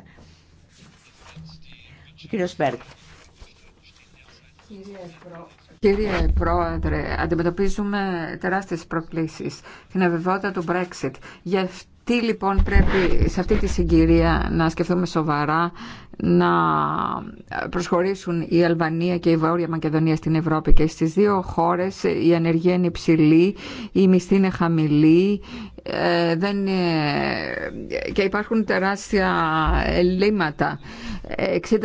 Κύριε Πρόεδρε, αντιμετωπίζουμε τεράστιες προκλήσεις. Την αβεβαιότητα του Brexit. Γιατί λοιπόν πρέπει σε αυτή τη συγκυρία να σκεφτούμε σοβαρά να προσχωρήσουν η Αλβανία και η Βόρεια Μακεδονία στην Ευρώπη και στις δύο χώρες η ανεργία είναι υψηλή, η μισθή είναι χαμηλή ε, δεν και υπάρχουν τεράστια ελλείμματα. 60% ε,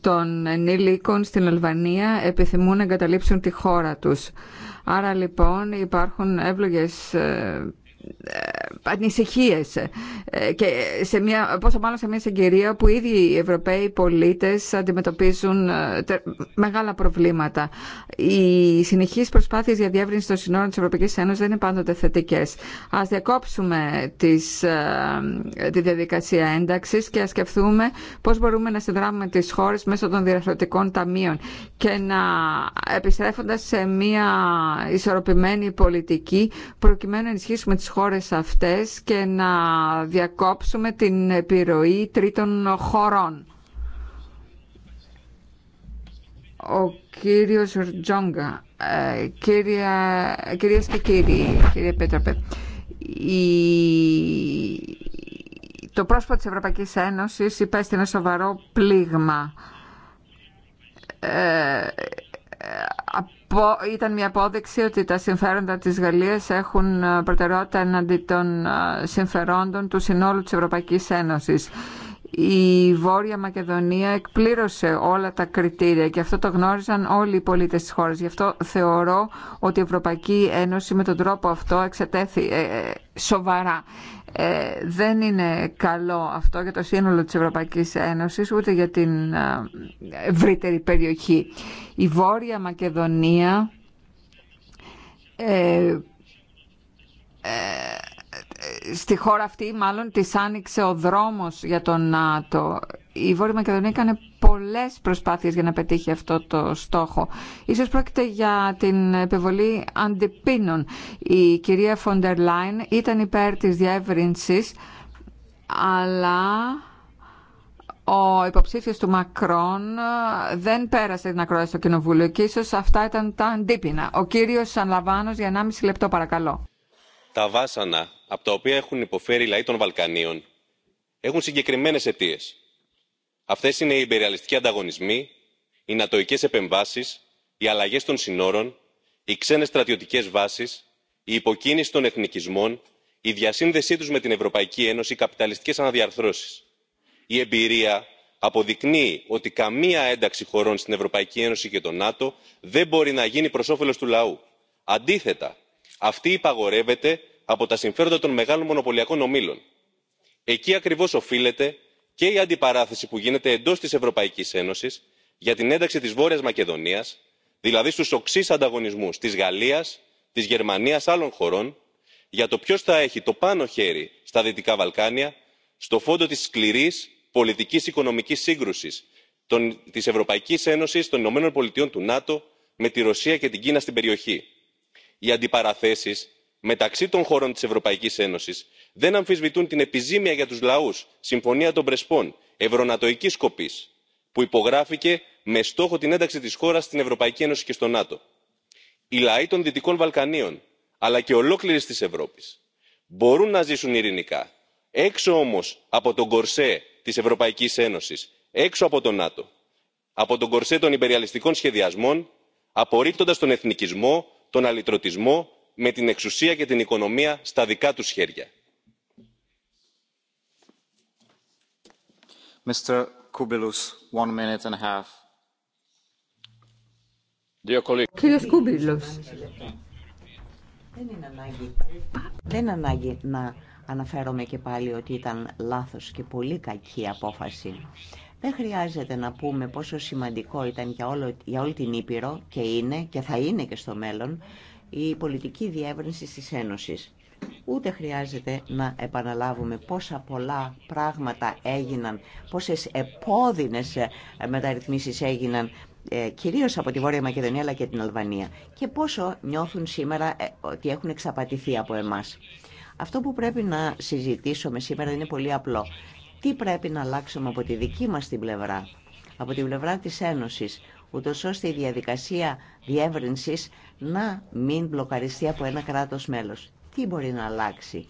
των ενήλικων στην Αλβανία επιθυμούν να εγκαταλείψουν τη χώρα τους. Άρα λοιπόν υπάρχουν εύλογες ε, Ανησυχίε ε, και σε μια, πόσο μάλλον σε μια συγκυρία που ήδη οι Ευρωπαίοι πολίτες αντιμετωπίζουν ε, μεγάλα προβλήματα. Οι συνεχείς προσπάθειες για διεύρυνση των συνόρων της Ευρωπαϊκής Ένωσης δεν είναι πάντοτε θετικές. Ας διακόψουμε τις, ε, τη διαδικασία ένταξης και ας σκεφτούμε πώς μπορούμε να συνδράμουμε τις χώρες μέσω των διαρθρωτικών ταμείων και να επιστρέφοντας σε μια ισορροπημένη πολιτική προκειμένου να ενισχύσουμε χώρες αυτές και να διακόψουμε την επιρροή τρίτων χωρών. Ο κύριος Ρτζόγκα, ε, κυρία, κυρίες και κύριοι, κύριε Πέτροπε, η, το πρόσωπο της Ευρωπαϊκής Ένωσης υπέστη ένα σοβαρό πλήγμα. Ε, ήταν μια απόδειξη ότι τα συμφέροντα της Γαλλίας έχουν ε, προτεραιότητα εναντί των ε, συμφερόντων του συνόλου της Ευρωπαϊκής Ένωσης η Βόρεια Μακεδονία εκπλήρωσε όλα τα κριτήρια και αυτό το γνώριζαν όλοι οι πολίτες της χώρας. Γι' αυτό θεωρώ ότι η Ευρωπαϊκή Ένωση με τον τρόπο αυτό εξετέθη ε, ε, σοβαρά. Ε, δεν είναι καλό αυτό για το σύνολο της Ευρωπαϊκής Ένωσης ούτε για την ευρύτερη περιοχή. Η Βόρεια Μακεδονία ε, στη χώρα αυτή μάλλον της άνοιξε ο δρόμος για το ΝΑΤΟ. Η Βόρεια Μακεδονία έκανε πολλές προσπάθειες για να πετύχει αυτό το στόχο. Ίσως πρόκειται για την επιβολή αντιπίνων. Η κυρία Φοντερ Λάιν ήταν υπέρ της διεύρυνσης, αλλά ο υποψήφιος του Μακρόν δεν πέρασε την ακρόαση στο Κοινοβούλιο και ίσως αυτά ήταν τα αντίπινα. Ο κύριος Σανλαβάνος για 1,5 λεπτό παρακαλώ. Τα βάσανα από τα οποία έχουν υποφέρει οι λαοί των βαλκανίων έχουν συγκεκριμένε αιτίε. Αυτέ είναι οι υπεριαλιστικοί ανταγωνισμοί οι νατοικές επεμβάσει οι αλλαγέ των συνόρων οι ξένες στρατιωτικές βάσεις η υποκίνηση των εθνικισμών η διασύνδεσή του με την ευρωπαϊκή ένωση οι καπιταλιστικέ αναδιαρθρώσεις. η εμπειρία αποδεικνύει ότι καμία ένταξη χωρών στην ευρωπαϊκή ένωση και το νάτο δεν μπορεί να γίνει προ όφελο του λαού. αντίθετα αυτή υπαγορεύεται από τα συμφέροντα των μεγάλων μονοπωλιακών ομίλων. εκεί ακριβώς οφείλεται και η αντιπαράθεση που γίνεται εντός της ευρωπαϊκής ένωσης για την ένταξη της βόρειας μακεδονίας δηλαδή στους οξύς ανταγωνισμούς της γαλλίας της γερμανίας άλλων χωρών για το ποιος θα έχει το πάνω χέρι στα δυτικά βαλκάνια στο φόντο της σκληρής πολιτικής οικονομικής σύγκρουσης της ευρωπαϊκής ένωσης των ηνωμένων πολιτειών του νάτο με τη ρωσία και την κίνα στην περιοχή. οι αντιπαραθέσει μεταξύ των χωρών της ευρωπαϊκής ένωσης δεν αμφισβητούν την επιζήμια για τους λαούς συμφωνία των πρεσπών ευρωνατοικής σκοπής που υπογράφηκε με στόχο την ένταξη της χώρας στην ευρωπαϊκή ένωση και στο νάτο. οι λαοί των δυτικών βαλκανίων αλλά και ολόκληρης της ευρώπης μπορούν να ζήσουν ειρηνικά έξω όμως από τον κορσέ της ευρωπαϊκής ένωσης έξω από το νάτο από τον κορσέ των υπεριαλιστικών σχεδιασμών απορρίπτοντας τον εθνικισμό τον αλυτρωτισμό με την εξουσία και την οικονομία στα δικά τους χέρια. Κύριε δεν είναι ανάγκη, δεν να αναφέρομαι και πάλι ότι ήταν λάθος και πολύ κακή απόφαση. Δεν χρειάζεται να πούμε πόσο σημαντικό ήταν για, όλο, για όλη την Ήπειρο και είναι και θα είναι και στο μέλλον η πολιτική διεύρυνση της Ένωσης. Ούτε χρειάζεται να επαναλάβουμε πόσα πολλά πράγματα έγιναν, πόσες επώδυνες ε, μεταρρυθμίσεις έγιναν, ε, κυρίως από τη Βόρεια Μακεδονία αλλά και την Αλβανία και πόσο νιώθουν σήμερα ε, ότι έχουν εξαπατηθεί από εμάς. Αυτό που πρέπει να συζητήσουμε σήμερα είναι πολύ απλό. Τι πρέπει να αλλάξουμε από τη δική μας την πλευρά, από την πλευρά της Ένωσης, ούτως ώστε η διαδικασία διεύρυνση να μην μπλοκαριστεί από ένα κράτος μέλος. Τι μπορεί να αλλάξει.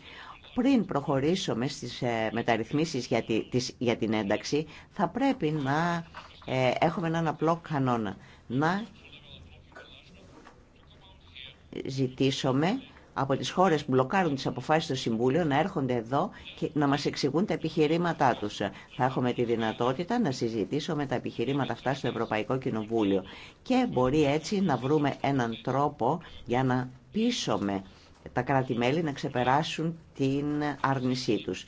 Πριν προχωρήσουμε στις ε, μεταρρυθμίσεις για την ένταξη, θα πρέπει να ε, έχουμε έναν απλό κανόνα. Να ζητήσουμε από τις χώρες που μπλοκάρουν τις αποφάσεις του Συμβούλιο να έρχονται εδώ και να μας εξηγούν τα επιχειρήματά τους. Θα έχουμε τη δυνατότητα να συζητήσουμε τα επιχειρήματα αυτά στο Ευρωπαϊκό Κοινοβούλιο και μπορεί έτσι να βρούμε έναν τρόπο για να πείσουμε τα κράτη-μέλη να ξεπεράσουν την άρνησή τους.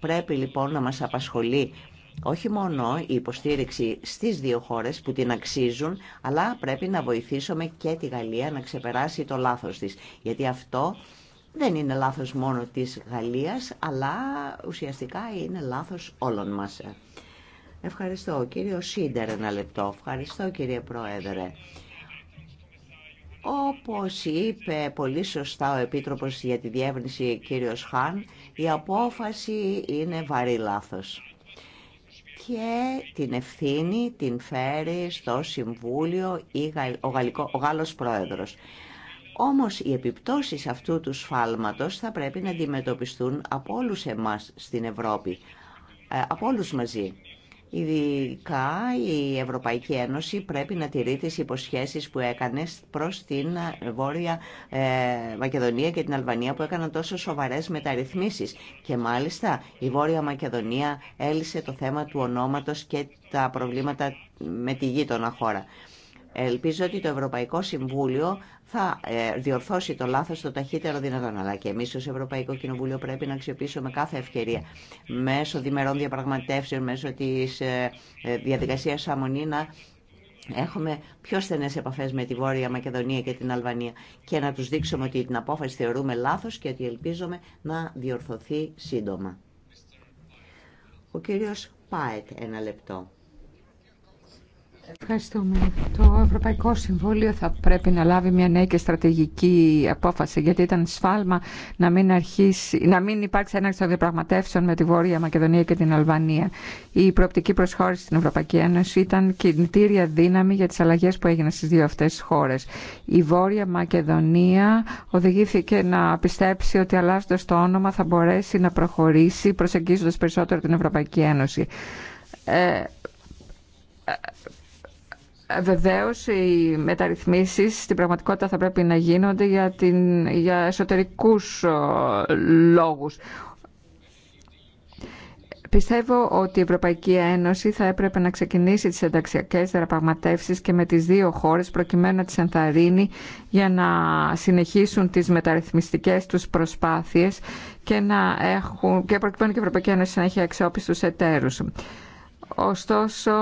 Πρέπει λοιπόν να μας απασχολεί όχι μόνο η υποστήριξη στις δύο χώρες που την αξίζουν, αλλά πρέπει να βοηθήσουμε και τη Γαλλία να ξεπεράσει το λάθος της. Γιατί αυτό δεν είναι λάθος μόνο της Γαλλίας, αλλά ουσιαστικά είναι λάθος όλων μας. Ευχαριστώ κύριο Σίντερ ένα λεπτό. Ευχαριστώ κύριε Πρόεδρε. Όπως είπε πολύ σωστά ο Επίτροπος για τη Διεύρυνση κύριος Χάν, η απόφαση είναι βαρύ λάθος και την ευθύνη την φέρει στο Συμβούλιο ο, Γαλλικό, ο Γάλλος Πρόεδρος. Όμως οι επιπτώσεις αυτού του σφάλματος θα πρέπει να αντιμετωπιστούν από όλους εμάς στην Ευρώπη, ε, από όλους μαζί. Ειδικά η Ευρωπαϊκή Ένωση πρέπει να τηρεί τις υποσχέσεις που έκανε προς την ε, Βόρεια ε, Μακεδονία και την Αλβανία που έκαναν τόσο σοβαρές μεταρρυθμίσεις. Και μάλιστα η Βόρεια Μακεδονία έλυσε το θέμα του ονόματος και τα προβλήματα με τη γείτονα χώρα. Ελπίζω ότι το Ευρωπαϊκό Συμβούλιο θα ε, διορθώσει το λάθος το ταχύτερο δυνατόν. Αλλά και εμεί ως Ευρωπαϊκό Κοινοβούλιο πρέπει να αξιοποιήσουμε κάθε ευκαιρία μέσω διμερών διαπραγματεύσεων, μέσω της ε, ε, διαδικασίας αμονή να Έχουμε πιο στενές επαφές με τη Βόρεια Μακεδονία και την Αλβανία και να τους δείξουμε ότι την απόφαση θεωρούμε λάθος και ότι ελπίζουμε να διορθωθεί σύντομα. Ο κύριος Πάετ, ένα λεπτό. Ευχαριστούμε. Το Ευρωπαϊκό Συμβούλιο θα πρέπει να λάβει μια νέα και στρατηγική απόφαση, γιατί ήταν σφάλμα να μην, αρχίσει, να μην υπάρξει έναρξη των διαπραγματεύσεων με τη Βόρεια Μακεδονία και την Αλβανία. Η προοπτική προσχώρηση στην Ευρωπαϊκή Ένωση ήταν κινητήρια δύναμη για τι αλλαγέ που έγιναν στι δύο αυτέ χώρε. Η Βόρεια Μακεδονία οδηγήθηκε να πιστέψει ότι αλλάζοντα το όνομα θα μπορέσει να προχωρήσει προσεγγίζοντα περισσότερο την Ευρωπαϊκή Ένωση. Ε, ε, Βεβαίω, οι μεταρρυθμίσει στην πραγματικότητα θα πρέπει να γίνονται για, την, για εσωτερικούς λόγους. Πιστεύω ότι η Ευρωπαϊκή Ένωση θα έπρεπε να ξεκινήσει τις ενταξιακές δραπαγματεύσεις και με τις δύο χώρες προκειμένου να τις ενθαρρύνει για να συνεχίσουν τις μεταρρυθμιστικές τους προσπάθειες και, να έχουν, και προκειμένου και η Ευρωπαϊκή Ένωση να έχει αξιόπιστους εταίρους. Ωστόσο,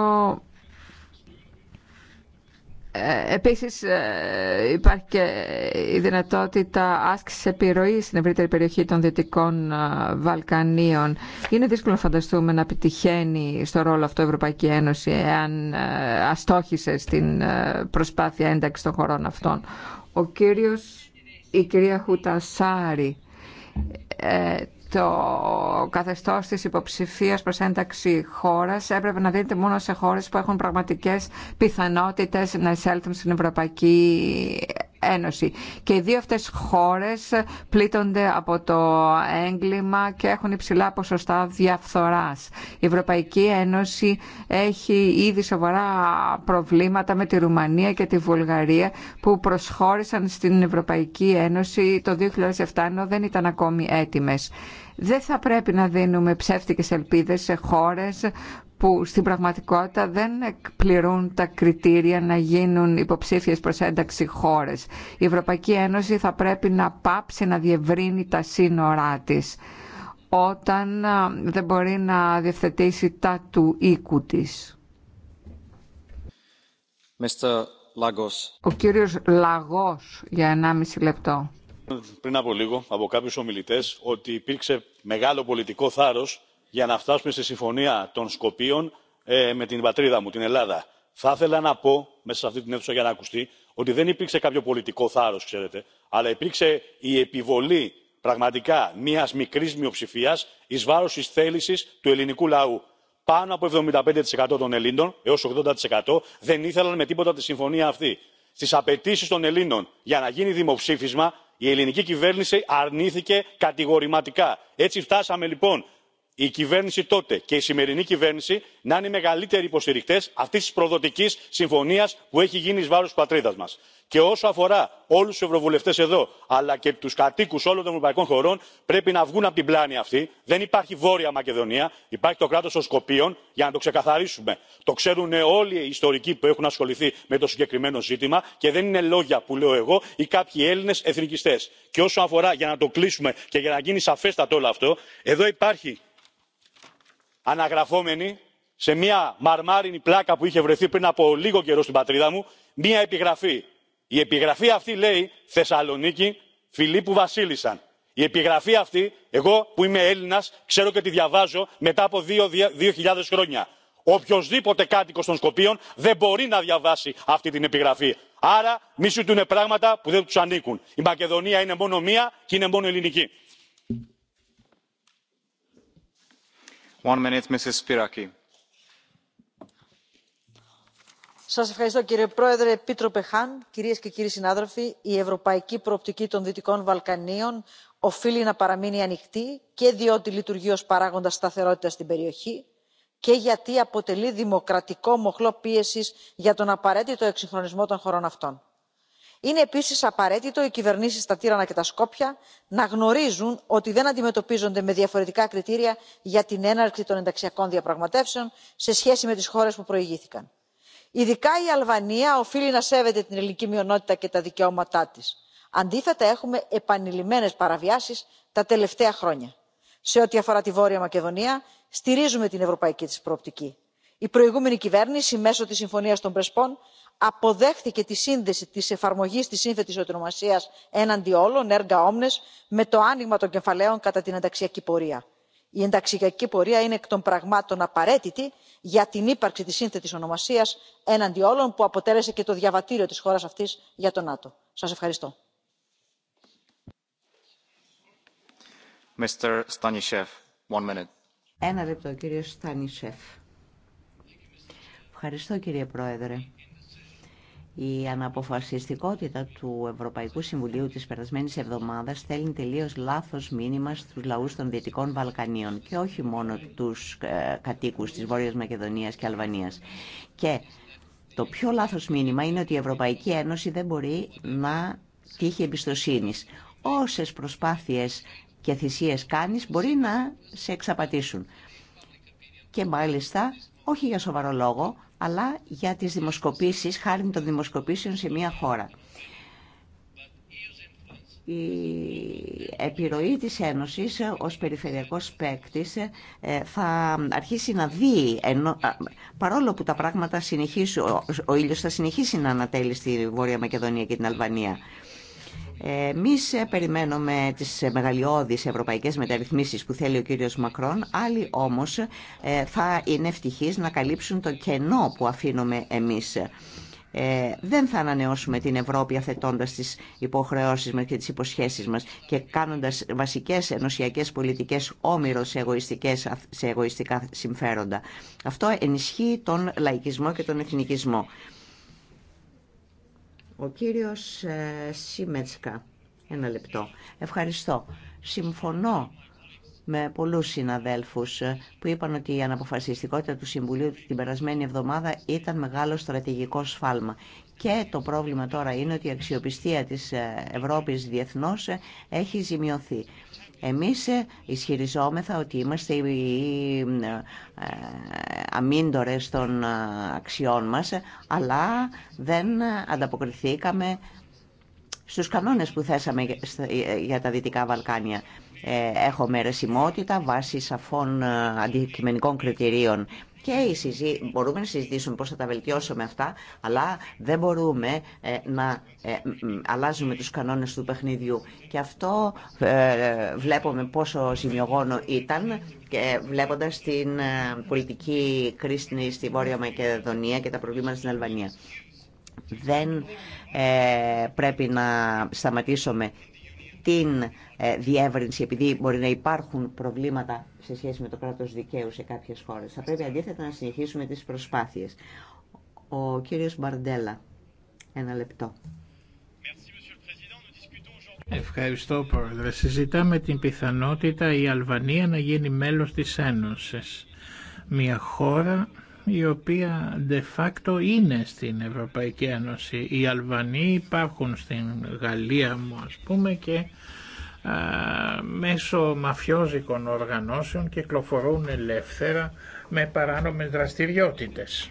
Επίσης ε, υπάρχει και η δυνατότητα άσκησης επιρροή στην ευρύτερη περιοχή των Δυτικών ε, Βαλκανίων. Είναι δύσκολο να φανταστούμε να επιτυχαίνει στο ρόλο αυτό η Ευρωπαϊκή Ένωση εάν ε, αστόχησε στην προσπάθεια ένταξη των χωρών αυτών. Ο κύριος, η κυρία Χουτασάρη, το καθεστώ της υποψηφία προ ένταξη χώρας έπρεπε να δίνεται μόνο σε χώρε που έχουν πραγματικές πιθανότητες να εισέλθουν στην Ευρωπαϊκή Ένωση. Και οι δύο αυτές χώρες πλήττονται από το έγκλημα και έχουν υψηλά ποσοστά διαφθοράς. Η Ευρωπαϊκή Ένωση έχει ήδη σοβαρά προβλήματα με τη Ρουμανία και τη Βουλγαρία που προσχώρησαν στην Ευρωπαϊκή Ένωση το 2007 ενώ δεν ήταν ακόμη έτοιμες. Δεν θα πρέπει να δίνουμε ψεύτικες ελπίδες σε χώρες που στην πραγματικότητα δεν εκπληρούν τα κριτήρια να γίνουν υποψήφιες προς ένταξη χώρες. Η Ευρωπαϊκή Ένωση θα πρέπει να πάψει να διευρύνει τα σύνορά της όταν δεν μπορεί να διευθετήσει τα του οίκου της. Mr. Lagos. Ο κύριος Λαγός για 1,5 λεπτό. Πριν από λίγο από κάποιους ομιλητές ότι υπήρξε μεγάλο πολιτικό θάρρος για να φτάσουμε στη συμφωνία των σκοπίων ε, με την πατρίδα μου την ελλάδα. θα ήθελα να πω μέσα σε αυτή την αίθουσα για να ακουστεί ότι δεν υπήρξε κάποιο πολιτικό θάρρο, ξέρετε αλλά υπήρξε η επιβολή πραγματικά μια μικρή μειοψηφία, ει βάρο της θέλησης του ελληνικού λαού. πάνω από 75% των ελλήνων έω 80% δεν ήθελαν με τίποτα τη συμφωνία αυτή. Στι απαιτήσει των ελλήνων για να γίνει δημοψήφισμα η ελληνική κυβέρνηση αρνήθηκε κατηγορηματικά. έτσι φτάσαμε λοιπόν η κυβέρνηση τότε και η σημερινή κυβέρνηση να είναι οι μεγαλύτεροι υποστηρικτέ αυτή τη προδοτική συμφωνία που έχει γίνει ει βάρο τη πατρίδα μα. και όσο αφορά όλου του ευρωβουλευτέ εδώ αλλά και του κατοίκου όλων των ευρωπαϊκών χωρών πρέπει να βγουν από την πλάνη αυτή. δεν υπάρχει βόρεια μακεδονία υπάρχει το κράτο των σκοπίων για να το ξεκαθαρίσουμε. το ξέρουν όλοι οι ιστορικοί που έχουν ασχοληθεί με το συγκεκριμένο ζήτημα και δεν είναι λόγια που λέω εγώ ή κάποιοι έλληνε εθνικιστέ. και όσο αφορά για να το κλείσουμε και για να γίνει σαφέστατο όλο αυτό εδώ υπάρχει αναγραφόμενη σε μια μαρμάρινη πλάκα που είχε βρεθεί πριν από λίγο καιρό στην πατρίδα μου μια επιγραφή. Η επιγραφή αυτή λέει Θεσσαλονίκη Φιλίππου Βασίλισσαν. Η επιγραφή αυτή, εγώ που είμαι Έλληνα, ξέρω και τη διαβάζω μετά από δύο, χιλιάδε χιλιάδες χρόνια. Οποιοδήποτε κάτοικο των Σκοπίων δεν μπορεί να διαβάσει αυτή την επιγραφή. Άρα μη σου πράγματα που δεν του ανήκουν. Η Μακεδονία είναι μόνο μία και είναι μόνο ελληνική. σας ευχαριστώ κύριε πρόεδρε επίτροπε χαν κυρίες και κύριοι συνάδελφοι η ευρωπαϊκή προοπτική των δυτικών βαλκανίων οφείλει να παραμείνει ανοιχτή και διότι λειτουργεί ως παράγοντας σταθερότητας στην περιοχή και γιατί αποτελεί δημοκρατικό μοχλό πίεσης για τον απαραίτητο εξυγχρονισμό των χωρών αυτών είναι επίσης απαραίτητο οι κυβερνήσεις στα τύρανα και τα σκόπια να γνωρίζουν ότι δεν αντιμετωπίζονται με διαφορετικά κριτήρια για την έναρξη των ενταξιακών διαπραγματεύσεων σε σχέση με τις χώρες που προηγήθηκαν. ειδικά η αλβανία οφείλει να σέβεται την ελληνική μειονότητα και τα δικαιώματά της. αντίθετα έχουμε επανειλημμένες παραβιάσεις τα τελευταία χρόνια. σε ό,τι αφορά τη βόρεια μακεδονία στηρίζουμε την ευρωπαϊκή της προοπτική. η προηγούμενη κυβέρνηση μέσω της συμφωνίας των πρεσπών αποδέχθηκε τη σύνδεση της εφαρμογής της σύνθετης ονομασίας έναντι όλων έργα omnes με το άνοιγμα των κεφαλαίων κατά την ενταξιακή πορεία. η ενταξιακή πορεία είναι εκ των πραγμάτων απαραίτητη για την ύπαρξη της σύνθετης ονομασίας έναντι όλων που αποτέλεσε και το διαβατήριο της χώρας αυτής για τον νατο. σας ευχαριστώ. κύριε Ευχαριστώ, κύριε Πρόεδρε. Η αναποφασιστικότητα του Ευρωπαϊκού Συμβουλίου της περασμένης εβδομάδας στέλνει τελείως λάθος μήνυμα στους λαούς των Δυτικών Βαλκανίων και όχι μόνο τους ε, κατοίκους της Βόρειας Μακεδονίας και Αλβανίας. Και το πιο λάθος μήνυμα είναι ότι η Ευρωπαϊκή Ένωση δεν μπορεί να τύχει εμπιστοσύνη. Όσες προσπάθειες και θυσίες κάνεις μπορεί να σε εξαπατήσουν. Και μάλιστα, όχι για σοβαρό λόγο, αλλά για τις δημοσκοπήσεις, χάρη των δημοσκοπήσεων σε μια χώρα. Η επιρροή της Ένωσης ως περιφερειακός παίκτη ε, θα αρχίσει να δει, παρόλο που τα πράγματα συνεχίσουν, ο ήλιος θα συνεχίσει να ανατέλει στη Βόρεια Μακεδονία και την Αλβανία. Εμεί περιμένουμε τι μεγαλειώδει ευρωπαϊκέ μεταρρυθμίσει που θέλει ο κύριο Μακρόν. Άλλοι όμω ε, θα είναι ευτυχεί να καλύψουν το κενό που αφήνουμε εμεί. Ε, δεν θα ανανεώσουμε την Ευρώπη αθετώντας τις υποχρεώσεις μας και τις υποσχέσεις μας και κάνοντας βασικές ενωσιακές πολιτικές όμοιρο σε, εγωιστικές, σε εγωιστικά συμφέροντα. Αυτό ενισχύει τον λαϊκισμό και τον εθνικισμό. Ο κύριος ε, Σίμετσκα, ένα λεπτό. Ευχαριστώ. Συμφωνώ με πολλούς συναδέλφους ε, που είπαν ότι η αναποφασιστικότητα του Συμβουλίου την περασμένη εβδομάδα ήταν μεγάλο στρατηγικό σφάλμα. Και το πρόβλημα τώρα είναι ότι η αξιοπιστία της ε, Ευρώπης διεθνώς έχει ζημιωθεί. Εμείς ε, ισχυριζόμεθα ότι είμαστε οι ε, ε, αμύντορες των αξιών μας, αλλά δεν ανταποκριθήκαμε στους κανόνες που θέσαμε για τα Δυτικά Βαλκάνια. Έχουμε μερεσιμότητα βάσει σαφών αντικειμενικών κριτηρίων και οι συζή... μπορούμε να συζητήσουμε πώς θα τα βελτιώσουμε αυτά, αλλά δεν μπορούμε ε, να ε, αλλάζουμε τους κανόνες του παιχνιδιού. Και αυτό ε, βλέπουμε πόσο ζημιογόνο ήταν και βλέποντας την πολιτική κρίση στη Βόρεια Μακεδονία και τα προβλήματα στην Αλβανία. Δεν πρέπει να σταματήσουμε την ε, διεύρυνση, επειδή μπορεί να υπάρχουν προβλήματα σε σχέση με το κράτος δικαίου σε κάποιες χώρες. Θα πρέπει αντίθετα να συνεχίσουμε τις προσπάθειες. Ο κύριος Μπαρντέλα, ένα λεπτό. Ευχαριστώ Πρόεδρε. Συζητάμε την πιθανότητα η Αλβανία να γίνει μέλος της Ένωσης. Μια χώρα η οποία de facto είναι στην Ευρωπαϊκή Ένωση. Οι Αλβανοί υπάρχουν στην Γαλλία μου ας πούμε και α, μέσω μαφιόζικων οργανώσεων κυκλοφορούν ελεύθερα με παράνομες δραστηριότητες.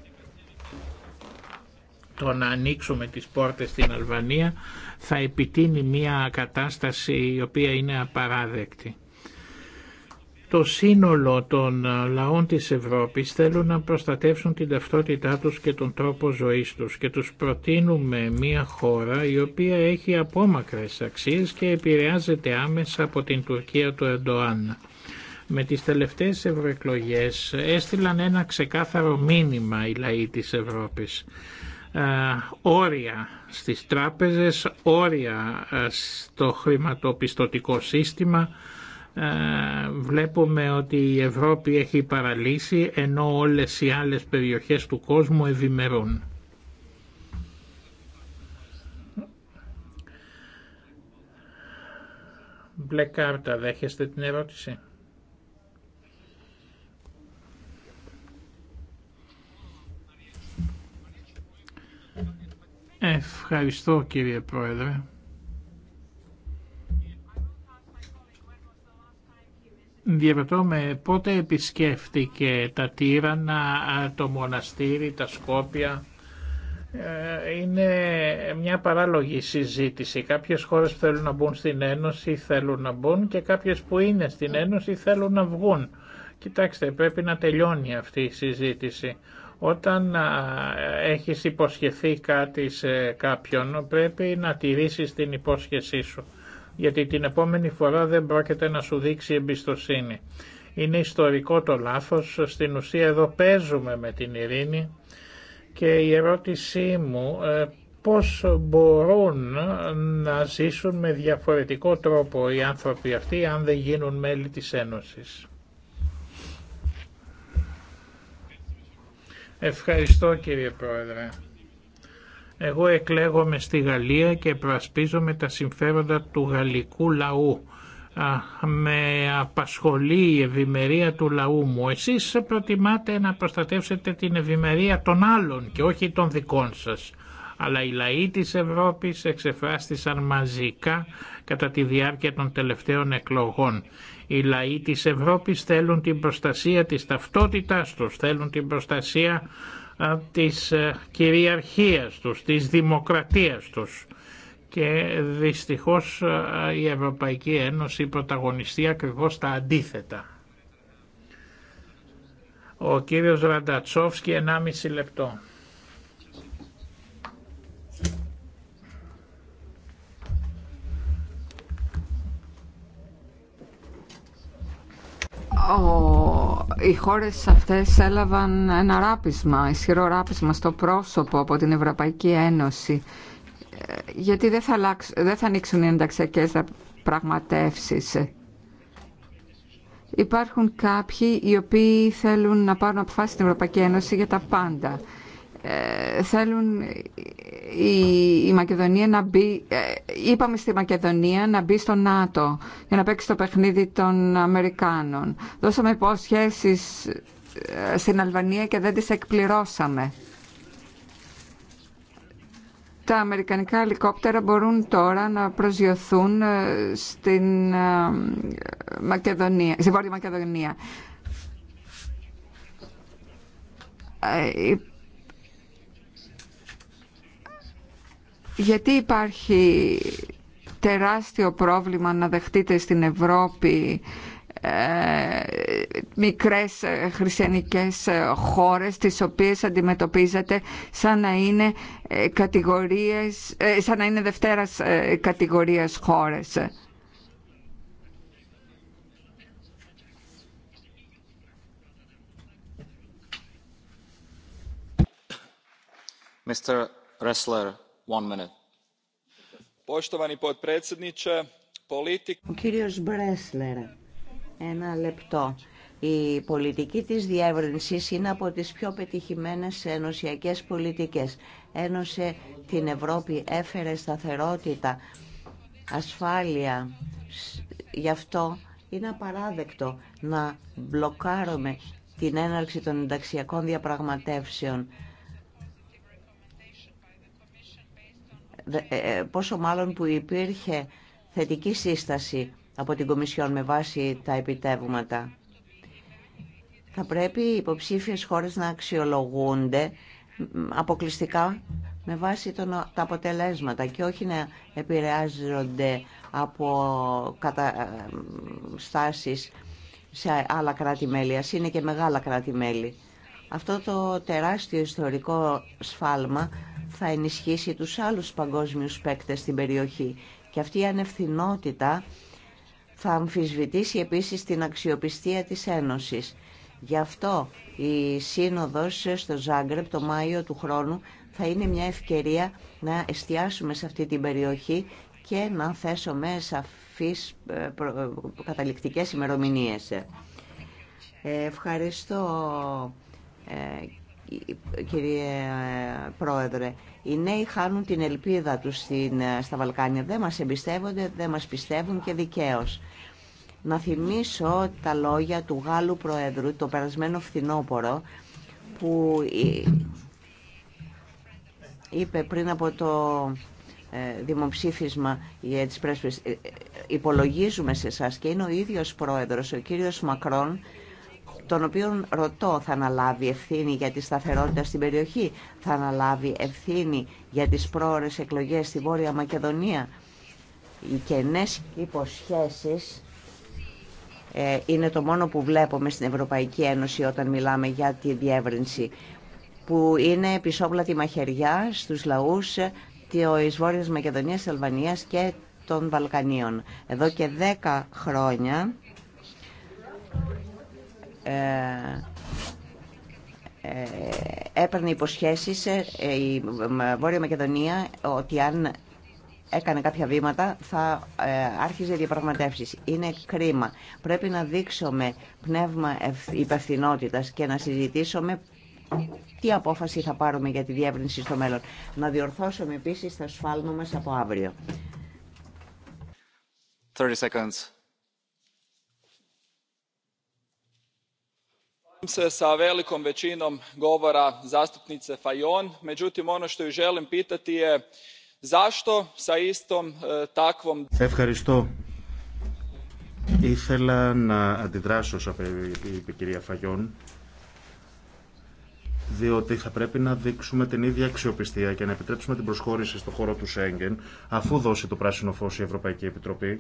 Το να ανοίξουμε τις πόρτες στην Αλβανία θα επιτείνει μια κατάσταση η οποία είναι απαράδεκτη το σύνολο των ε, λαών της Ευρώπης θέλουν να προστατεύσουν την ταυτότητά τους και τον τρόπο ζωής τους και τους προτείνουμε μια χώρα η οποία έχει απόμακρες αξίες και επηρεάζεται άμεσα από την Τουρκία του Εντοάν. Με τις τελευταίες ευρωεκλογές έστειλαν ένα ξεκάθαρο μήνυμα οι λαοί της Ευρώπης. Ε, όρια στις τράπεζες, όρια ε, στο χρηματοπιστωτικό σύστημα, ε, βλέπουμε ότι η Ευρώπη έχει παραλύσει ενώ όλες οι άλλες περιοχές του κόσμου ευημερούν. Μπλε κάρτα, δέχεστε την ερώτηση. Ευχαριστώ κύριε Πρόεδρε. Διερωτώ με πότε επισκέφτηκε τα Τύρανα, το μοναστήρι, τα Σκόπια. Ε, είναι μια παράλογη συζήτηση. Κάποιες χώρες θέλουν να μπουν στην Ένωση θέλουν να μπουν και κάποιες που είναι στην Ένωση θέλουν να βγουν. Κοιτάξτε, πρέπει να τελειώνει αυτή η συζήτηση. Όταν έχεις υποσχεθεί κάτι σε κάποιον πρέπει να τηρήσεις την υπόσχεσή σου γιατί την επόμενη φορά δεν πρόκειται να σου δείξει εμπιστοσύνη. Είναι ιστορικό το λάθος, στην ουσία εδώ παίζουμε με την ειρήνη και η ερώτησή μου ε, πώς μπορούν να ζήσουν με διαφορετικό τρόπο οι άνθρωποι αυτοί αν δεν γίνουν μέλη της Ένωσης. Ευχαριστώ κύριε Πρόεδρε. Εγώ εκλέγομαι στη Γαλλία και προασπίζομαι τα συμφέροντα του γαλλικού λαού. με απασχολεί η ευημερία του λαού μου. Εσείς προτιμάτε να προστατεύσετε την ευημερία των άλλων και όχι των δικών σας. Αλλά οι λαοί της Ευρώπης εξεφράστησαν μαζικά κατά τη διάρκεια των τελευταίων εκλογών. Οι λαοί της Ευρώπης θέλουν την προστασία της ταυτότητάς τους, θέλουν την προστασία της ε, κυριαρχίας τους, της δημοκρατίας τους. Και δυστυχώς ε, η Ευρωπαϊκή Ένωση πρωταγωνιστεί ακριβώς τα αντίθετα. Ο κύριος Ραντατσόφσκι 1,5 λεπτό. οι χώρες αυτές έλαβαν ένα ράπισμα, ισχυρό ράπισμα στο πρόσωπο από την Ευρωπαϊκή Ένωση γιατί δεν θα, δεν θα ανοίξουν οι ενταξιακές πραγματεύσεις. Υπάρχουν κάποιοι οι οποίοι θέλουν να πάρουν αποφάσεις στην Ευρωπαϊκή Ένωση για τα πάντα. Ε, θέλουν η, Μακεδονία να μπει, ε, είπαμε στη Μακεδονία να μπει στο ΝΑΤΟ για να παίξει το παιχνίδι των Αμερικάνων. Δώσαμε υποσχέσει ε, στην Αλβανία και δεν τις εκπληρώσαμε. Τα αμερικανικά ελικόπτερα μπορούν τώρα να προσγειωθούν στην Μακεδονία, στη Βόρεια Μακεδονία γιατί υπάρχει τεράστιο πρόβλημα να δεχτείτε στην Ευρώπη ε, μικρές ε, χριστιανικές ε, χώρες τις οποίες αντιμετωπίζετε σαν να είναι ε, κατηγορίες σαν να είναι δευτέρας κατηγορίας χώρες. Mr. Ο κύριος Μπρέσλερ, ένα λεπτό. Η πολιτική της διεύρυνσης είναι από τις πιο πετυχημένες ενωσιακές πολιτικές. Ένωσε την Ευρώπη, έφερε σταθερότητα, ασφάλεια. Γι' αυτό είναι απαράδεκτο να μπλοκάρουμε την έναρξη των ενταξιακών διαπραγματεύσεων. Ε, ε, πόσο μάλλον που υπήρχε θετική σύσταση από την Κομισιόν με βάση τα επιτεύγματα. Θα πρέπει οι υποψήφιες χώρες να αξιολογούνται αποκλειστικά με βάση τα αποτελέσματα και όχι να επηρεάζονται από καταστάσεις ε, σε άλλα κράτη-μέλη. Ας είναι και μεγάλα κράτη-μέλη. Αυτό το τεράστιο ιστορικό σφάλμα θα ενισχύσει τους άλλους παγκόσμιους παίκτες στην περιοχή. Και αυτή η ανευθυνότητα θα αμφισβητήσει επίσης την αξιοπιστία της Ένωσης. Γι' αυτό η σύνοδος στο Ζάγκρεπ το Μάιο του χρόνου θα είναι μια ευκαιρία να εστιάσουμε σε αυτή την περιοχή και να θέσουμε σαφείς ε, καταληκτικές ημερομηνίες. Ε, ευχαριστώ ε, κύριε ε, Πρόεδρε. Οι νέοι χάνουν την ελπίδα τους στην, ε, στα Βαλκάνια. Δεν μας εμπιστεύονται, δεν μας πιστεύουν και δικαίως. Να θυμίσω τα λόγια του Γάλλου Προέδρου το περασμένο φθινόπωρο που είπε πριν από το ε, δημοψήφισμα για τις πρέσβες υπολογίζουμε σε εσά και είναι ο ίδιος πρόεδρος ο κύριος Μακρόν τον οποίο ρωτώ θα αναλάβει ευθύνη για τη σταθερότητα στην περιοχή, θα αναλάβει ευθύνη για τις πρόορες εκλογές στη Βόρεια Μακεδονία. Οι κενές υποσχέσεις ε, είναι το μόνο που βλέπουμε στην Ευρωπαϊκή Ένωση όταν μιλάμε για τη διεύρυνση, που είναι πισόπλατη μαχαιριά στους λαούς ε, της Βόρειας Μακεδονίας, της Αλβανίας και των Βαλκανίων. Εδώ και δέκα χρόνια ε, ε, έπαιρνε υποσχέσεις ε, η Βόρεια Μακεδονία ότι αν έκανε κάποια βήματα θα άρχιζε διαπραγματεύσεις. Είναι κρίμα. Πρέπει να δείξουμε πνεύμα υπευθυνότητας και να συζητήσουμε τι απόφαση θα πάρουμε για τη διεύρυνση στο μέλλον. Να διορθώσουμε επίσης τα σφάλμα μας από αύριο. Ευχαριστώ. Ήθελα να αντιδράσω σε είπε η κυρία Φαγιόν, διότι θα πρέπει να δείξουμε την ίδια αξιοπιστία και να επιτρέψουμε την προσχώρηση στο χώρο του Σέγγεν, αφού δώσει το πράσινο φως η Ευρωπαϊκή Επιτροπή,